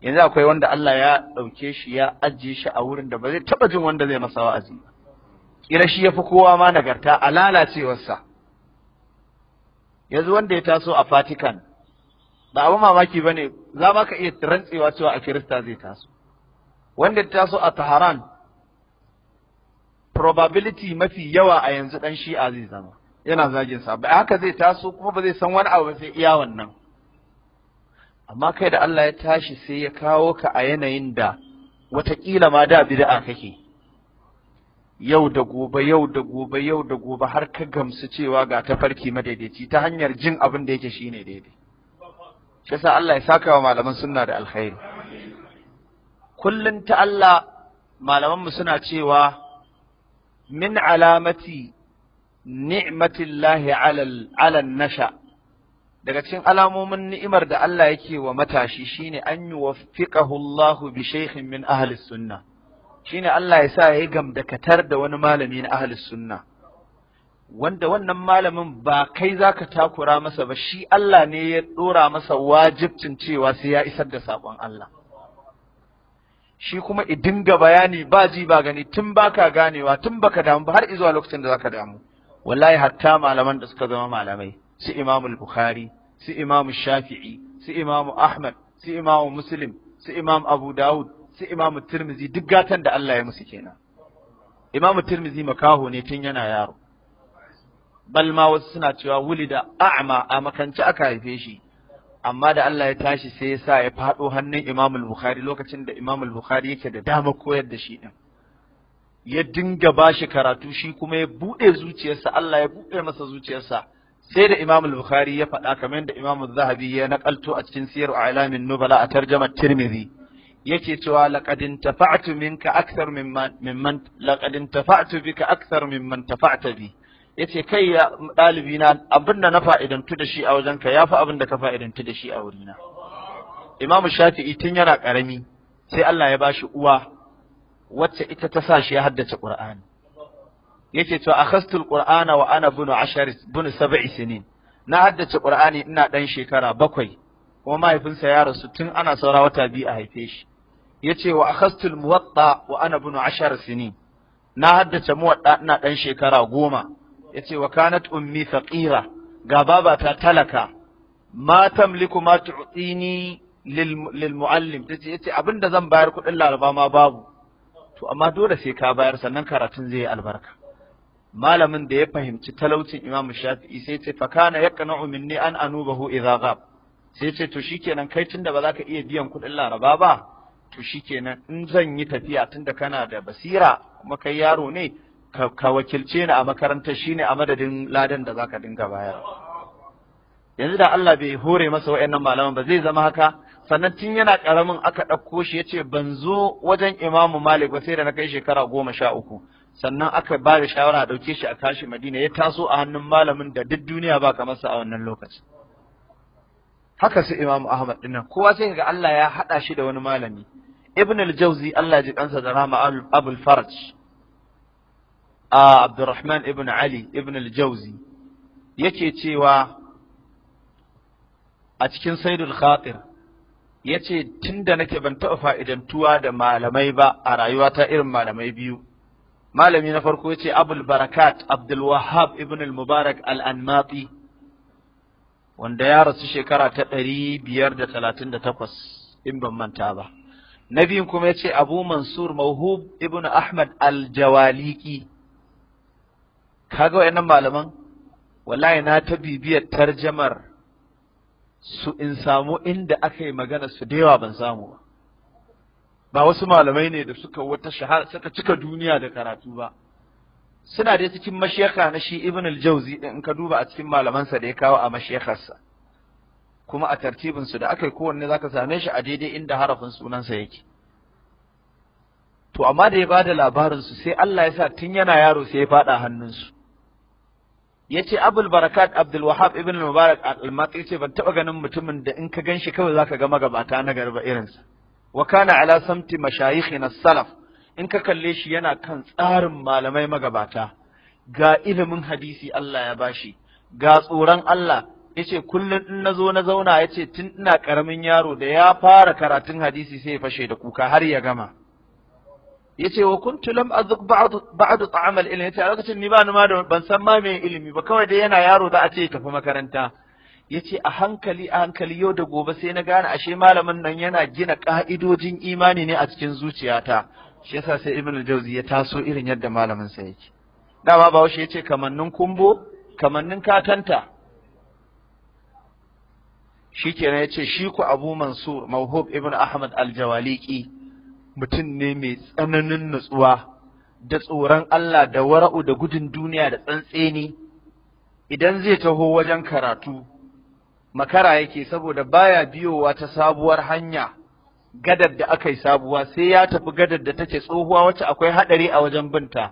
yanzu akwai wanda Allah ya ɗauke shi ya ajiye shi a wurin da ba zai taɓa jin wanda zai masa wa'azi ba kira shi ya fi kowa ma nagarta a lalacewarsa yanzu wanda ya taso a Vatican ba abin mamaki ba ne za ma ka iya rantsewa cewa a Kirista zai taso wanda ya taso a Taharan probability mafi yawa a yanzu dan shi'a zai zama yana zagin sa ba haka zai taso kuma ba zai san wani abu ba sai iya wannan amma kai da Allah ya tashi sai ya kawo ka a yanayin da watakila ma da bid'a kake yau da gobe yau da gobe yau da gobe har ka gamsu cewa ga ta farki madaidaici ta hanyar jin abin da yake shine daidai shi yasa Allah ya saka wa malaman sunna da alkhairi kullun ta Allah malaman mu suna cewa min alamati ni'matillahi alal alal nasha daga cikin alamomin ni'imar da Allah yake wa matashi shine an yuwaffiqahu Allahu bi shaykhin min ahli sunna shine Allah ya sa ya yi gamdakatar da wani malami na ahli sunna wanda wannan malamin ba kai zaka takura masa ba shi Allah ne ya dora masa wajibcin cewa sai ya isar da sakon Allah shi kuma ga bayani ba ji ba gani tun baka ganewa tun baka damu ba har izuwa lokacin da zaka damu wallahi hatta malaman da suka zama malamai su Imam Bukhari su Imam Shafi'i su Imam Ahmad su Imam Muslim su Imam Abu Dawud su Imam Tirmizi duk gatan da Allah ya musu kenan Imam Tirmizi makaho ne tun yana yaro Balma wasu suna cewa wulida a'ma a makance aka haife shi amma da Allah ya tashi sai ya sa ya faɗo hannun Imam Bukhari lokacin da Imam Bukhari yake da dama koyar da shi din ya dinga bashi karatu shi kuma ya buɗe zuciyarsa Allah ya buɗe masa zuciyarsa sai da Imam Bukhari ya faɗa kamar yadda Imam Zahabi ya nakalto a cikin Siyar Alamin Nubala a tarjamar Tirmidhi yake cewa laqad intafa'tu minka akthar mimman laqad intafa'tu bika akthar mimman tafa'ta bi yace kai ya dalibi na abinda na fa'idantu da shi a wajen wajenka yafi abinda ka fa'idantu da shi a wurina Imam Shafi'i tun yana karami sai Allah ya bashi uwa wacce ita ta sa shi ya haddace Qur'ani yake cewa akhastu alqur'ana wa ana bunu ashar bunu sab'i sinin na haddace qur'ani ina dan shekara bakwai kuma mahaifinsa ya rasu tun ana saura wata biyu a haife shi yace wa akhastu almuwatta wa ana bunu ashar sinin na haddace muwadda ina dan shekara goma yace wa kanat ummi faqira ga babata talaka ma tamliku ma tu'tini lil muallim abinda zan bayar kuɗin laraba ma babu to amma dole sai ka bayar sannan karatun zai yi albarka malamin da ya fahimci talaucin Imam Shafi'i sai ce fa kana yaqna'u minni an anubahu idza ghab sai ce to shikenan kai tunda ba za ka iya biyan kuɗin Laraba ba to shikenan in zan yi tafiya tunda kana da basira kuma kai yaro ne ka wakilce ni a makarantar shine a madadin ladan da zaka dinga bayar yanzu da Allah bai hore masa wayannan malaman ba zai zama haka sannan tun yana karamin aka ɗauko shi yace ban zo wajen Imam Malik ba sai da na kai shekara goma sha uku sannan aka ba da shawara a ɗauke shi a kashi madina ya taso a hannun malamin da duk duniya ba kamar sa a wannan lokacin haka su Imam ahmad nan kowa sai ga Allah ya haɗa shi da wani malami ibn al-jawzi Allah ji kansa da rahama abul faraj a abdurrahman ibn ali ibn al-jawzi yake cewa a cikin saidul khatir yace tunda nake ban taɓa fa'idantuwa da malamai ba a rayuwata irin malamai biyu malami na farko yace abul barakat abdul wahhab ibn al mubarak al anmati wanda ya rasu shekara ta ɗari biyar da talatin da takwas in ban manta ba na biyun kuma yace abu mansur mauhub ibn ahmad al jawaliki kaga wayannan malaman wallahi na ta bibiyar tarjamar su in samu inda aka yi magana su da yawa ban samu ba ba wasu malamai ne da suka wata shahara suka cika duniya da karatu ba suna da cikin mashekha na shi ibn al-jawzi in ka duba a cikin malamansa da ya kawo a mashekharsa kuma a tartibin su da aka yi kowanne zaka same shi a daidai inda harafin sunansa yake to amma da ya bada labarin su sai Allah ya sa tun yana yaro sai ya fada hannunsu yace abul Barakat Abdul Wahhab ibn al-Mubarak al-Maqi ce ban taba ganin mutumin da in ka ganshi kawai zaka ga magabata na garba irinsa wa kana ala samti mashayikhina salaf in ka kalle shi yana kan tsarin malamai magabata ga ilimin hadisi Allah ya bashi ga tsoron Allah yace kullum in nazo na zauna yace tun ina karamin yaro da ya fara karatun hadisi sai ya fashe da kuka har ya gama yace wa kuntu lam azuq ba'd ba'd ta'amal ilmi yace a lokacin ni ba ni ma ban san ma me ilimi ba kawai dai yana yaro za a ce tafi makaranta ya ce a hankali a hankali yau da gobe sai na gane ashe malamin nan yana gina ƙa'idojin imani ne a cikin zuciyata shi yasa sai ibn al-jawzi ya taso irin yadda malamin sa yake dama ba ya ce kamannin kumbo kamannin katanta shi kenan ya ce shi ku abu mansur mawhub ibn ahmad al-jawaliki mutum ne mai tsananin nutsuwa da tsoron Allah da wara'u da gudun duniya da tsantseni idan zai taho wajen karatu makara yake saboda baya biyowa ta sabuwar hanya gadar da aka yi sabuwa sai ya tafi gadar da take tsohuwa wacce akwai haɗari a wajen binta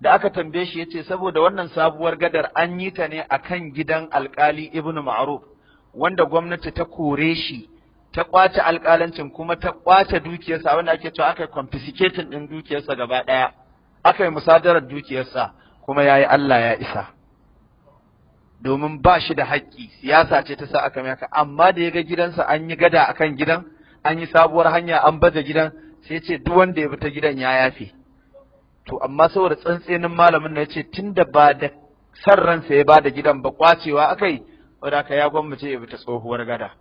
da aka tambaye shi yace saboda wannan sabuwar gadar an yi ta ne akan gidan alkali ibnu ma'ruf wanda gwamnati ta kore shi ta kwace alkalancin kuma ta kwace dukiyarsa wanda ake cewa aka confiscating din dukiyarsa gaba ɗaya aka yi musadarar dukiyarsa kuma yayi Allah ya isa domin ba shi da haƙƙi siyasa ce ta sa aka haka amma da ya ga gidansa an yi gada kan gidan an yi sabuwar hanya an baje gidan sai ce duk wanda ya bi ta gidan ya yafe to amma saboda tsantsenin malamin na ce da ba da san ransa ya da gidan ba kwacewa akai wanda ka ya gwammace ya bi ta tsohuwar gada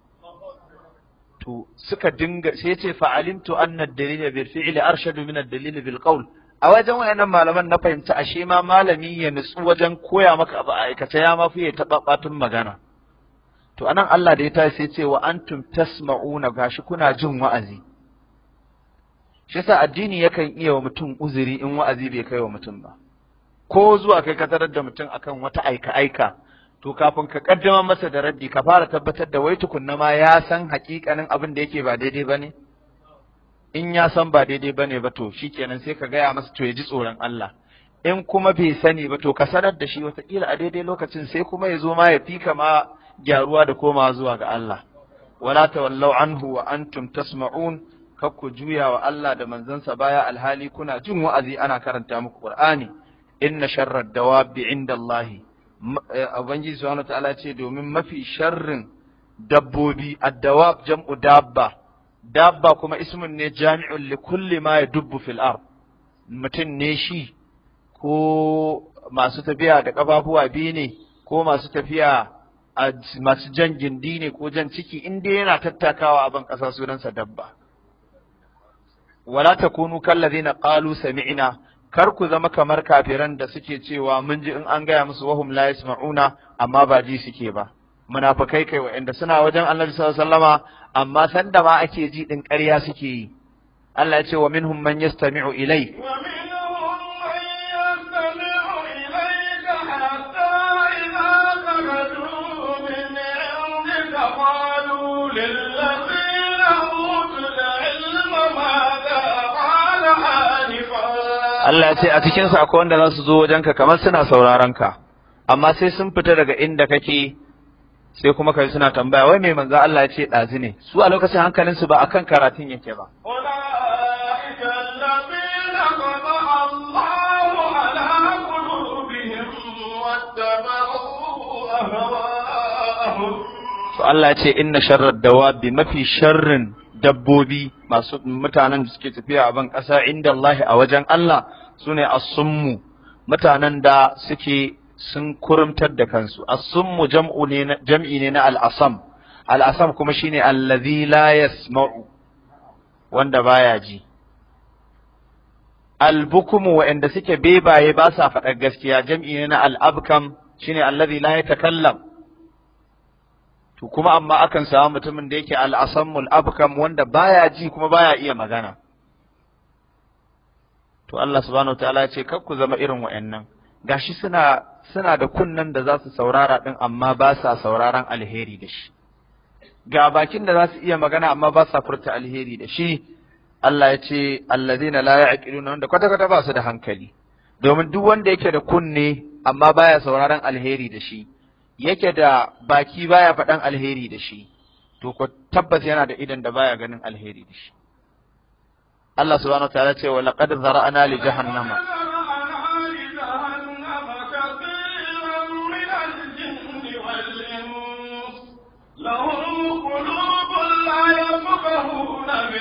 to suka dinga sai ce fa'alimtu anna ad-dalil bil fi'li arshadu min ad dalili bil qawl a wajen wayannan malaman na fahimci ashe ma malami ya nutsu wajen koya maka abu a aikace ya mafi ya taɓaɓatun magana to anan Allah da ya tashi sai ce wa antum tasma'una gashi kuna jin wa'azi shi yasa addini yakan iya wa mutum uzuri in wa'azi bai kai wa mutum ba ko zuwa kai ka da mutum akan wata aika aika to kafin ka kaddama masa da raddi ka fara tabbatar da wai tukunna ma ya san hakikanin abin da yake ba daidai bane ne in ya san ba daidai ba ne ba to shi kenan sai ka gaya masa to ya ji tsoron Allah in kuma bai sani ba to ka sanar da shi wataƙila a daidai lokacin sai kuma ya zo ma ya fika ma gyaruwa da koma zuwa ga Allah wala tawallau anhu wa antum tasma'un kar ku juya wa Allah da manzansa baya alhali kuna jin wa'azi ana karanta muku Qur'ani inna sharrad dawabi inda Allah eh, ubangiji subhanahu wa ta'ala ce domin mafi sharrin dabbobi ad-dawab jam'u dabba dabba kuma ismun ne jami'un li kulli ma yadubbu fil ard mutum ne shi ko masu tafiya da ƙafafuwa biyu ne ko masu tafiya a masu jan gindi ne ko jan ciki inda yana tattakawa a ban ƙasa sunansa dabba wala takunu na qalu sami'na kar ku zama kamar kafiran da suke cewa mun ji in an gaya musu wahum la yasma'una amma ba ji suke ba munafikai kai wa'anda suna wajen Annabi sallallahu alaihi wasallama amma sanda ma ake ji din ƙarya suke yi Allah ya ce wa minhum man yastami'u ilai Allah ya ce a cikin sakon wanda za su zo wajenka kamar suna sauraron ka amma sai sun fita daga inda kake sai kuma kai suna tambaya wai mai manzo Allah ya ce dazi ne su a lokacin hankalin su ba akan karatun yake ba To Allah ce inna sharrar dawabi mafi sharrin dabbobi masu mutanen da suke tafiya a ban kasa inda Allah a wajen Allah su ne asummu mutanen da suke sun kurumtar da kansu as-summu jam'u ne jam'i ne na al-asam al-asam kuma shine allazi la yasma'u wanda baya ji al-bukumu wa'anda suke bebaye ba sa faɗar gaskiya jam'i ne na al-abkam shine allazi la yatakallam to kuma amma akan samu mutumin da yake al-asammul abkam wanda baya ji kuma baya iya magana to Allah subhanahu wa ta'ala ya ce kar ku zama irin wa'annan gashi suna suna da kunnan da za su saurara din amma ba sa sauraron alheri da shi ga bakin da za su iya magana amma ba sa furta alheri da shi Allah ya ce allazina la ya'qiluna wanda kwata kwata ba su da hankali domin duk wanda yake da kunne amma baya sauraron alheri da shi yake da baki baya faɗan alheri da shi to ko tabbas yana da idan da baya ganin alheri da shi Allah subhanahu wa ta'ala ce wa laqad zara'ana li jahannama نعم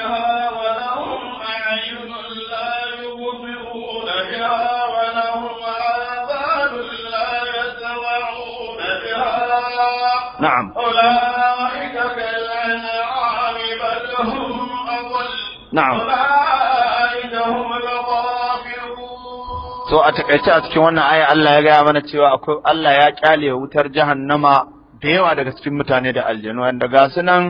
أولئك كالأنعام بل هم نعم أولئك هم الغافلون to a takaice a cikin wannan aya Allah ya gaya mana cewa akwai Allah ya kyale wutar jahannama da yawa daga cikin mutane da aljanu wanda ga su nan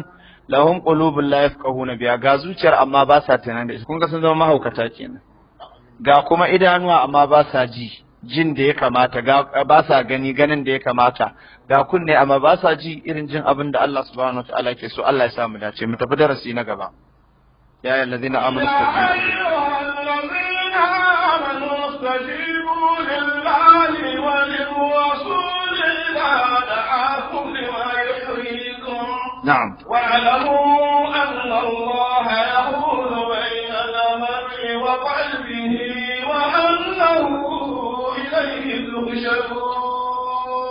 lahum qulubun la yafqahuna biya ga zuciyar amma ba sa tunani da kun ga sun zama mahaukata kenan ga kuma idanuwa amma ba sa ji jin da ya kamata ga ba sa gani ganin da ya kamata ga kunne amma ba sa ji irin jin abin da Allah subhanahu wataala ke so Allah ya sa mu dace mu tafi darasi na gaba ya ayyuhal ladina amanu استجيبوا لله وللرسول إذا دعاكم لما نعم واعلموا أن الله يقول بين المرء وقلبه وأنه إليه تحشرون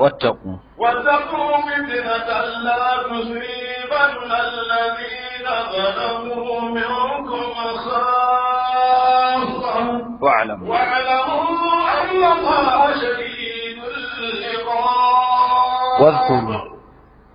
واتقوا واتقوا فتنة لا تصيبن الذين ظلموا منكم خاصة واعلموا واعلموا أن الله شديد العقاب واذكروا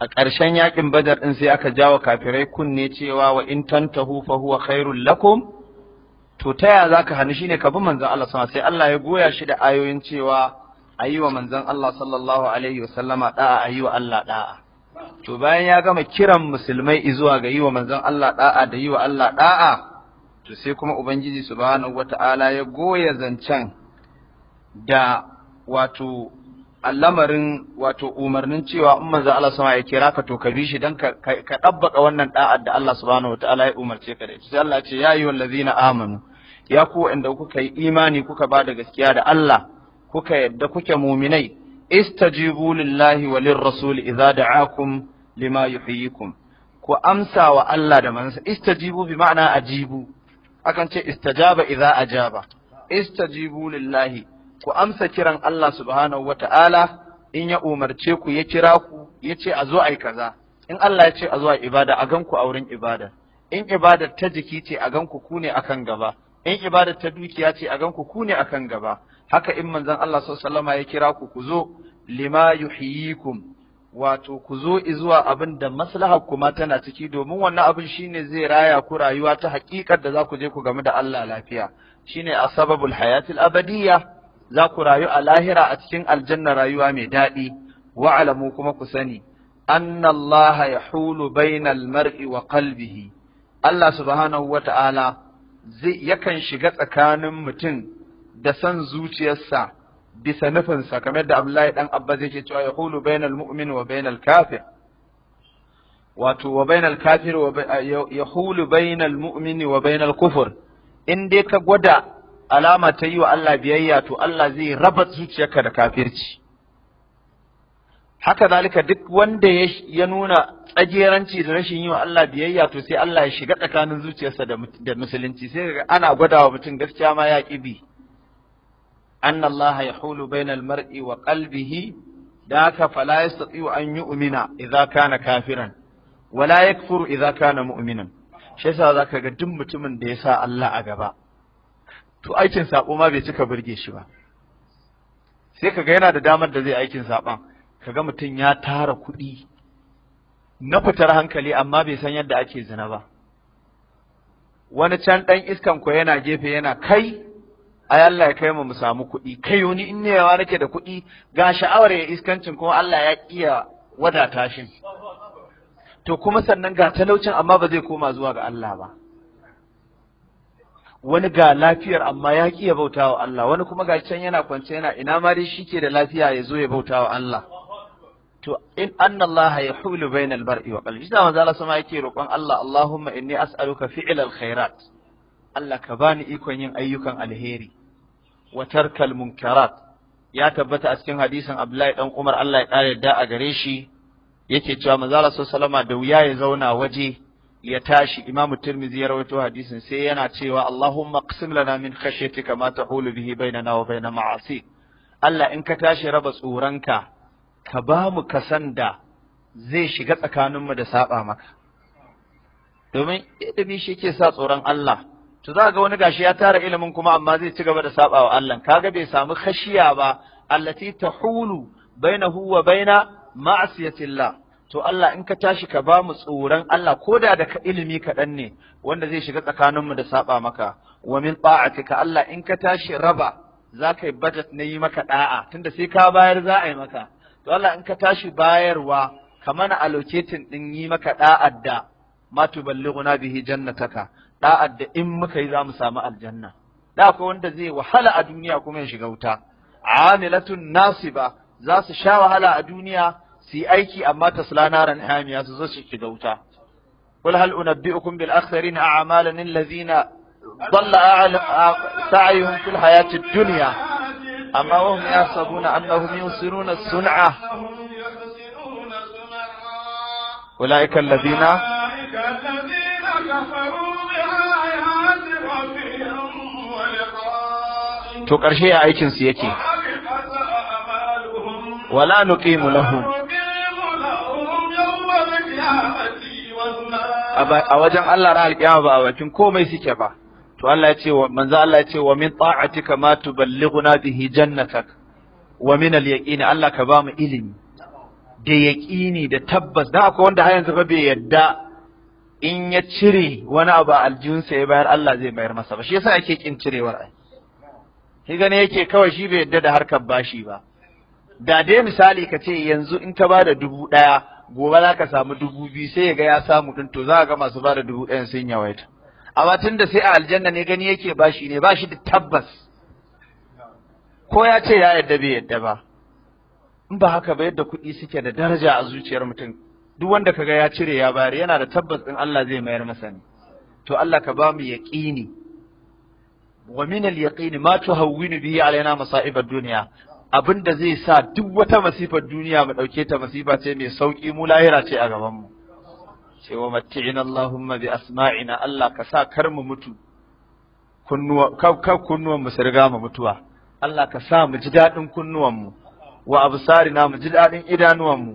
a ƙarshen yaƙin badar ɗin sai aka jawo kafirai kunne cewa wa in tantahu fa huwa khairul lakum to ta ya zaka hani shine ka bi manzon Allah sama sai Allah ya goya shi da ayoyin cewa ayi wa manzon Allah sallallahu alaihi wasallama da'a ayi wa Allah da'a to bayan ya gama kiran musulmai izuwa ga yi wa manzon Allah da'a da yi wa Allah da'a to sai kuma ubangiji subhanahu wata'ala ya goya zancen da wato lamarin wato umarnin cewa in manzo Allah sama ya kira ka to ka bi shi dan ka ka dabbaka wannan da'ar da Allah subhanahu wataala ya umarce ka da ita sai Allah ya ce ya ayyuhal ladzina amanu ya ku inda kuka yi imani kuka ba da gaskiya da Allah kuka yadda kuke muminai istajibu lillahi wa lirrasul idza da'akum lima yuhyikum ku amsa wa Allah da manzo istajibu bi ma'ana ajibu akan ce istajaba idza ajaba istajibu lillahi ku amsa kiran Allah subhanahu wa ta'ala in ya umarce ku ya kira ku ya ce a zo a yi kaza in Allah ya ce a zo a ibada a gan ku a wurin ibada in ibada ta jiki ce a gan ku ku ne akan gaba in ibada ta dukiya ce a gan ku ku ne akan gaba haka in manzon Allah sallallahu alaihi ya kira ku ku zo lima yuhyikum wato ku zo zuwa abin da maslahar kuma tana ciki domin wannan abin shine zai raya ku rayuwa ta haƙiƙar da za ku je ku gamu da Allah lafiya shine asbabul hayatil abadiyya za ku rayu a lahira a cikin aljanna rayuwa mai daɗi wa'alamu kuma ku sani annallaha yahulu bainal mar'i wa qalbihi Allah subhanahu wata'ala ta'ala yakan shiga tsakanin mutum da san zuciyarsa bisa nufinsa kamar da Abdullahi dan Abba zai ce cewa yahulu bainal mu'min wa bainal kafir wato wa bainal kafir wa yahulu bainal mu'mini wa bainal kufur in dai ka gwada alama ta yi wa Allah biyayya to Allah zai raba zuciyarka da kafirci haka zalika duk wanda ya nuna tsajeranci da rashin yi wa Allah biyayya to sai Allah ya shiga tsakanin zuciyarsa da musulunci sai ana gwadawa mutum gaskiya ma ya ƙibi anna Allah hulu bainal mar'i wa qalbihi da haka fala yastati an yu'mina idza kana kafiran wala yakfuru idza kana mu'minan shi yasa zaka ga duk mutumin da ya sa Allah a gaba to aikin sako ma bai cika birge shi ba sai kaga yana da damar da zai aikin saban kaga mutum ya tara kuɗi na fitar hankali amma bai san yadda ake zina ba wani can ɗan iskan ko yana gefe yana kai ai Allah ya kai mu mu samu kuɗi kai wani in ne yawa nake da kuɗi ga sha'awar ya iskancin kuma Allah ya iya wadata shi to kuma sannan ga talaucin amma ba zai koma zuwa ga Allah ba wani ga lafiyar amma ya ƙi ya bauta wa Allah wani kuma ga can yana kwance yana ina ma dai shi ke da lafiya ya zo ya bauta wa Allah to in anna ya hulu bainal bar'i wa qalbi da manzo Allah sama yake roƙon Allah Allahumma inni as'aluka fi'lal khairat Allah ka bani ikon yin ayyukan alheri wa tarkal munkarat ya tabbata a cikin hadisin Abdullahi dan Umar Allah ya ƙara da a gare shi yake cewa manzo Allah sallallahu alaihi da wuya ya zauna waje ya tashi imamu tirmizi ya rawaito hadisin sai yana cewa Allahumma qsim lana min khashyatika ma tahulu bihi bainana wa baina ma'asi Allah in ka tashi raba tsoronka ka bamu ka kasan da zai shiga tsakaninmu da saba maka domin ilimi shi ke sa tsoron Allah to za ga wani gashi ya tara ilimin kuma amma zai ci gaba da saba wa Allah kaga bai samu khashiya ba allati tahulu bainahu wa baina ma'siyatillah to Allah in ka tashi ka ba mu tsoron Allah ko da da ilimi kaɗan ne wanda zai shiga tsakaninmu da saba maka wa min ka Allah in ka tashi raba za ka yi budget na yi maka da'a tunda sai ka bayar za a yi maka to Allah in ka tashi bayarwa ka mana allocating din yi maka da'ar da ma tuballighuna bihi jannataka da'ar da in muka yi za mu samu aljanna da akwai wanda zai wahala a duniya kuma ya shiga wuta amilatun nasiba za su sha wahala a duniya su aiki amma tasla naran hamiya su zo su shiga wuta qul hal unabbi'ukum bil akhsarin a'malan allazina dhalla sa'yuhum fil hayatid dunya amma wahum yahsabuna annahum yusiruna sun'a أولئك الذين to ƙarshe a aikinsu yake wala nuqimu lahum a wajen Allah na alƙiyama ba a bakin komai suke ba to Allah ya ce wa manzo Allah ya ce wa min ta'ati ma tuballighuna bihi jannatak wa min al-yaqini Allah ka ba mu ilimi da yaqini da tabbas da akwai wanda har yanzu ba bai yadda in ya cire wani abu a aljihunsa ya bayar Allah zai bayar masa ba shi yasa yake kin cirewar ai shi gane yake kawai shi bai yadda da harkar bashi ba da dai misali ka ce yanzu in ka ba da dubu ɗaya gobe za ka samu dubu biyu sai ya ga ya samu ɗin to za ga masu ba da dubu ɗaya sun yawaita amma tun da sai a aljanna ne gani yake bashi ne bashi da tabbas ko ya ce ya yadda bai yadda ba in ba haka ba yadda kuɗi suke da daraja a zuciyar mutum duk wanda ka ga ya cire ya bayar yana da tabbas ɗin Allah zai mayar masa ne to Allah ka ba mu yaƙini wa min al-yaqini ma tuhawwinu bihi alaina masa'ib ad-dunya abin da zai sa duk wata masifar duniya mu ɗauke ta masifa ce mai sauƙi mu lahira ce a gaban mu wa matti'ina Allahumma bi asma'ina Allah ka sa kar mu mutu kunnuwa kar kunnuwan mu su riga mu mutuwa Allah ka sa mu ji daɗin kunnuwan mu wa absarina mu ji daɗin idanuwan mu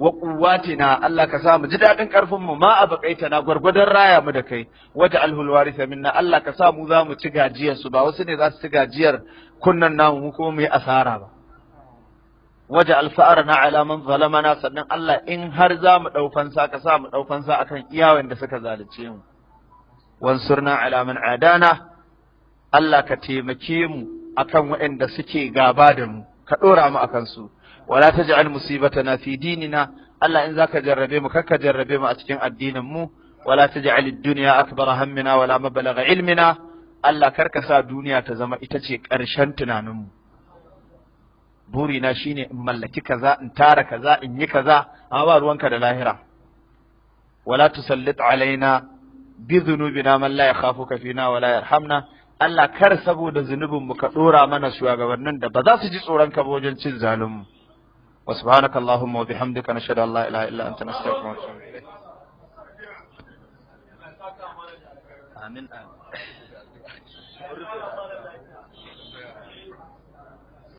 wa quwwatina Allah ka sa mu ji daɗin ƙarfin mu ma na gwargwadon raya mu da kai wata alhul warisa minna Allah ka sa mu za mu ci gajiyar su ba wasu ne za su ci gajiyar kunnan namu mu kuma mu yi asara ba waje alfa'ar na alaman zalamana sannan Allah in har za mu ɗau fansa ka sa mu ɗau fansa akan iyawan da suka zalunce mu wansurna alaman adana Allah ka taimake mu akan waɗanda suke gaba da mu ka ɗora mu akan su wala taj'al na fi dinina Allah in zaka jarrabe mu kakka jarrabe mu a cikin addinin mu wala taj'al ad-dunya akbara hammina wala mablagha ilmina Allah karka sa duniya ta zama ita ce ƙarshen tunaninmu burina shine in mallaki kaza in tara kaza in yi kaza amma ba ruwanka da lahira wala tusallit alaina bi zunubina, man la yakhafuka kafina, wala la yarhamna Allah kar saboda zunubin mu ka dora mana shugabannin da ba za su ji tsoron ka wajen cin zalunmu wa subhanaka allahumma wa bihamdika nashhadu an la ilaha illa anta nastaghfiruka wa natubu ilayk amin amin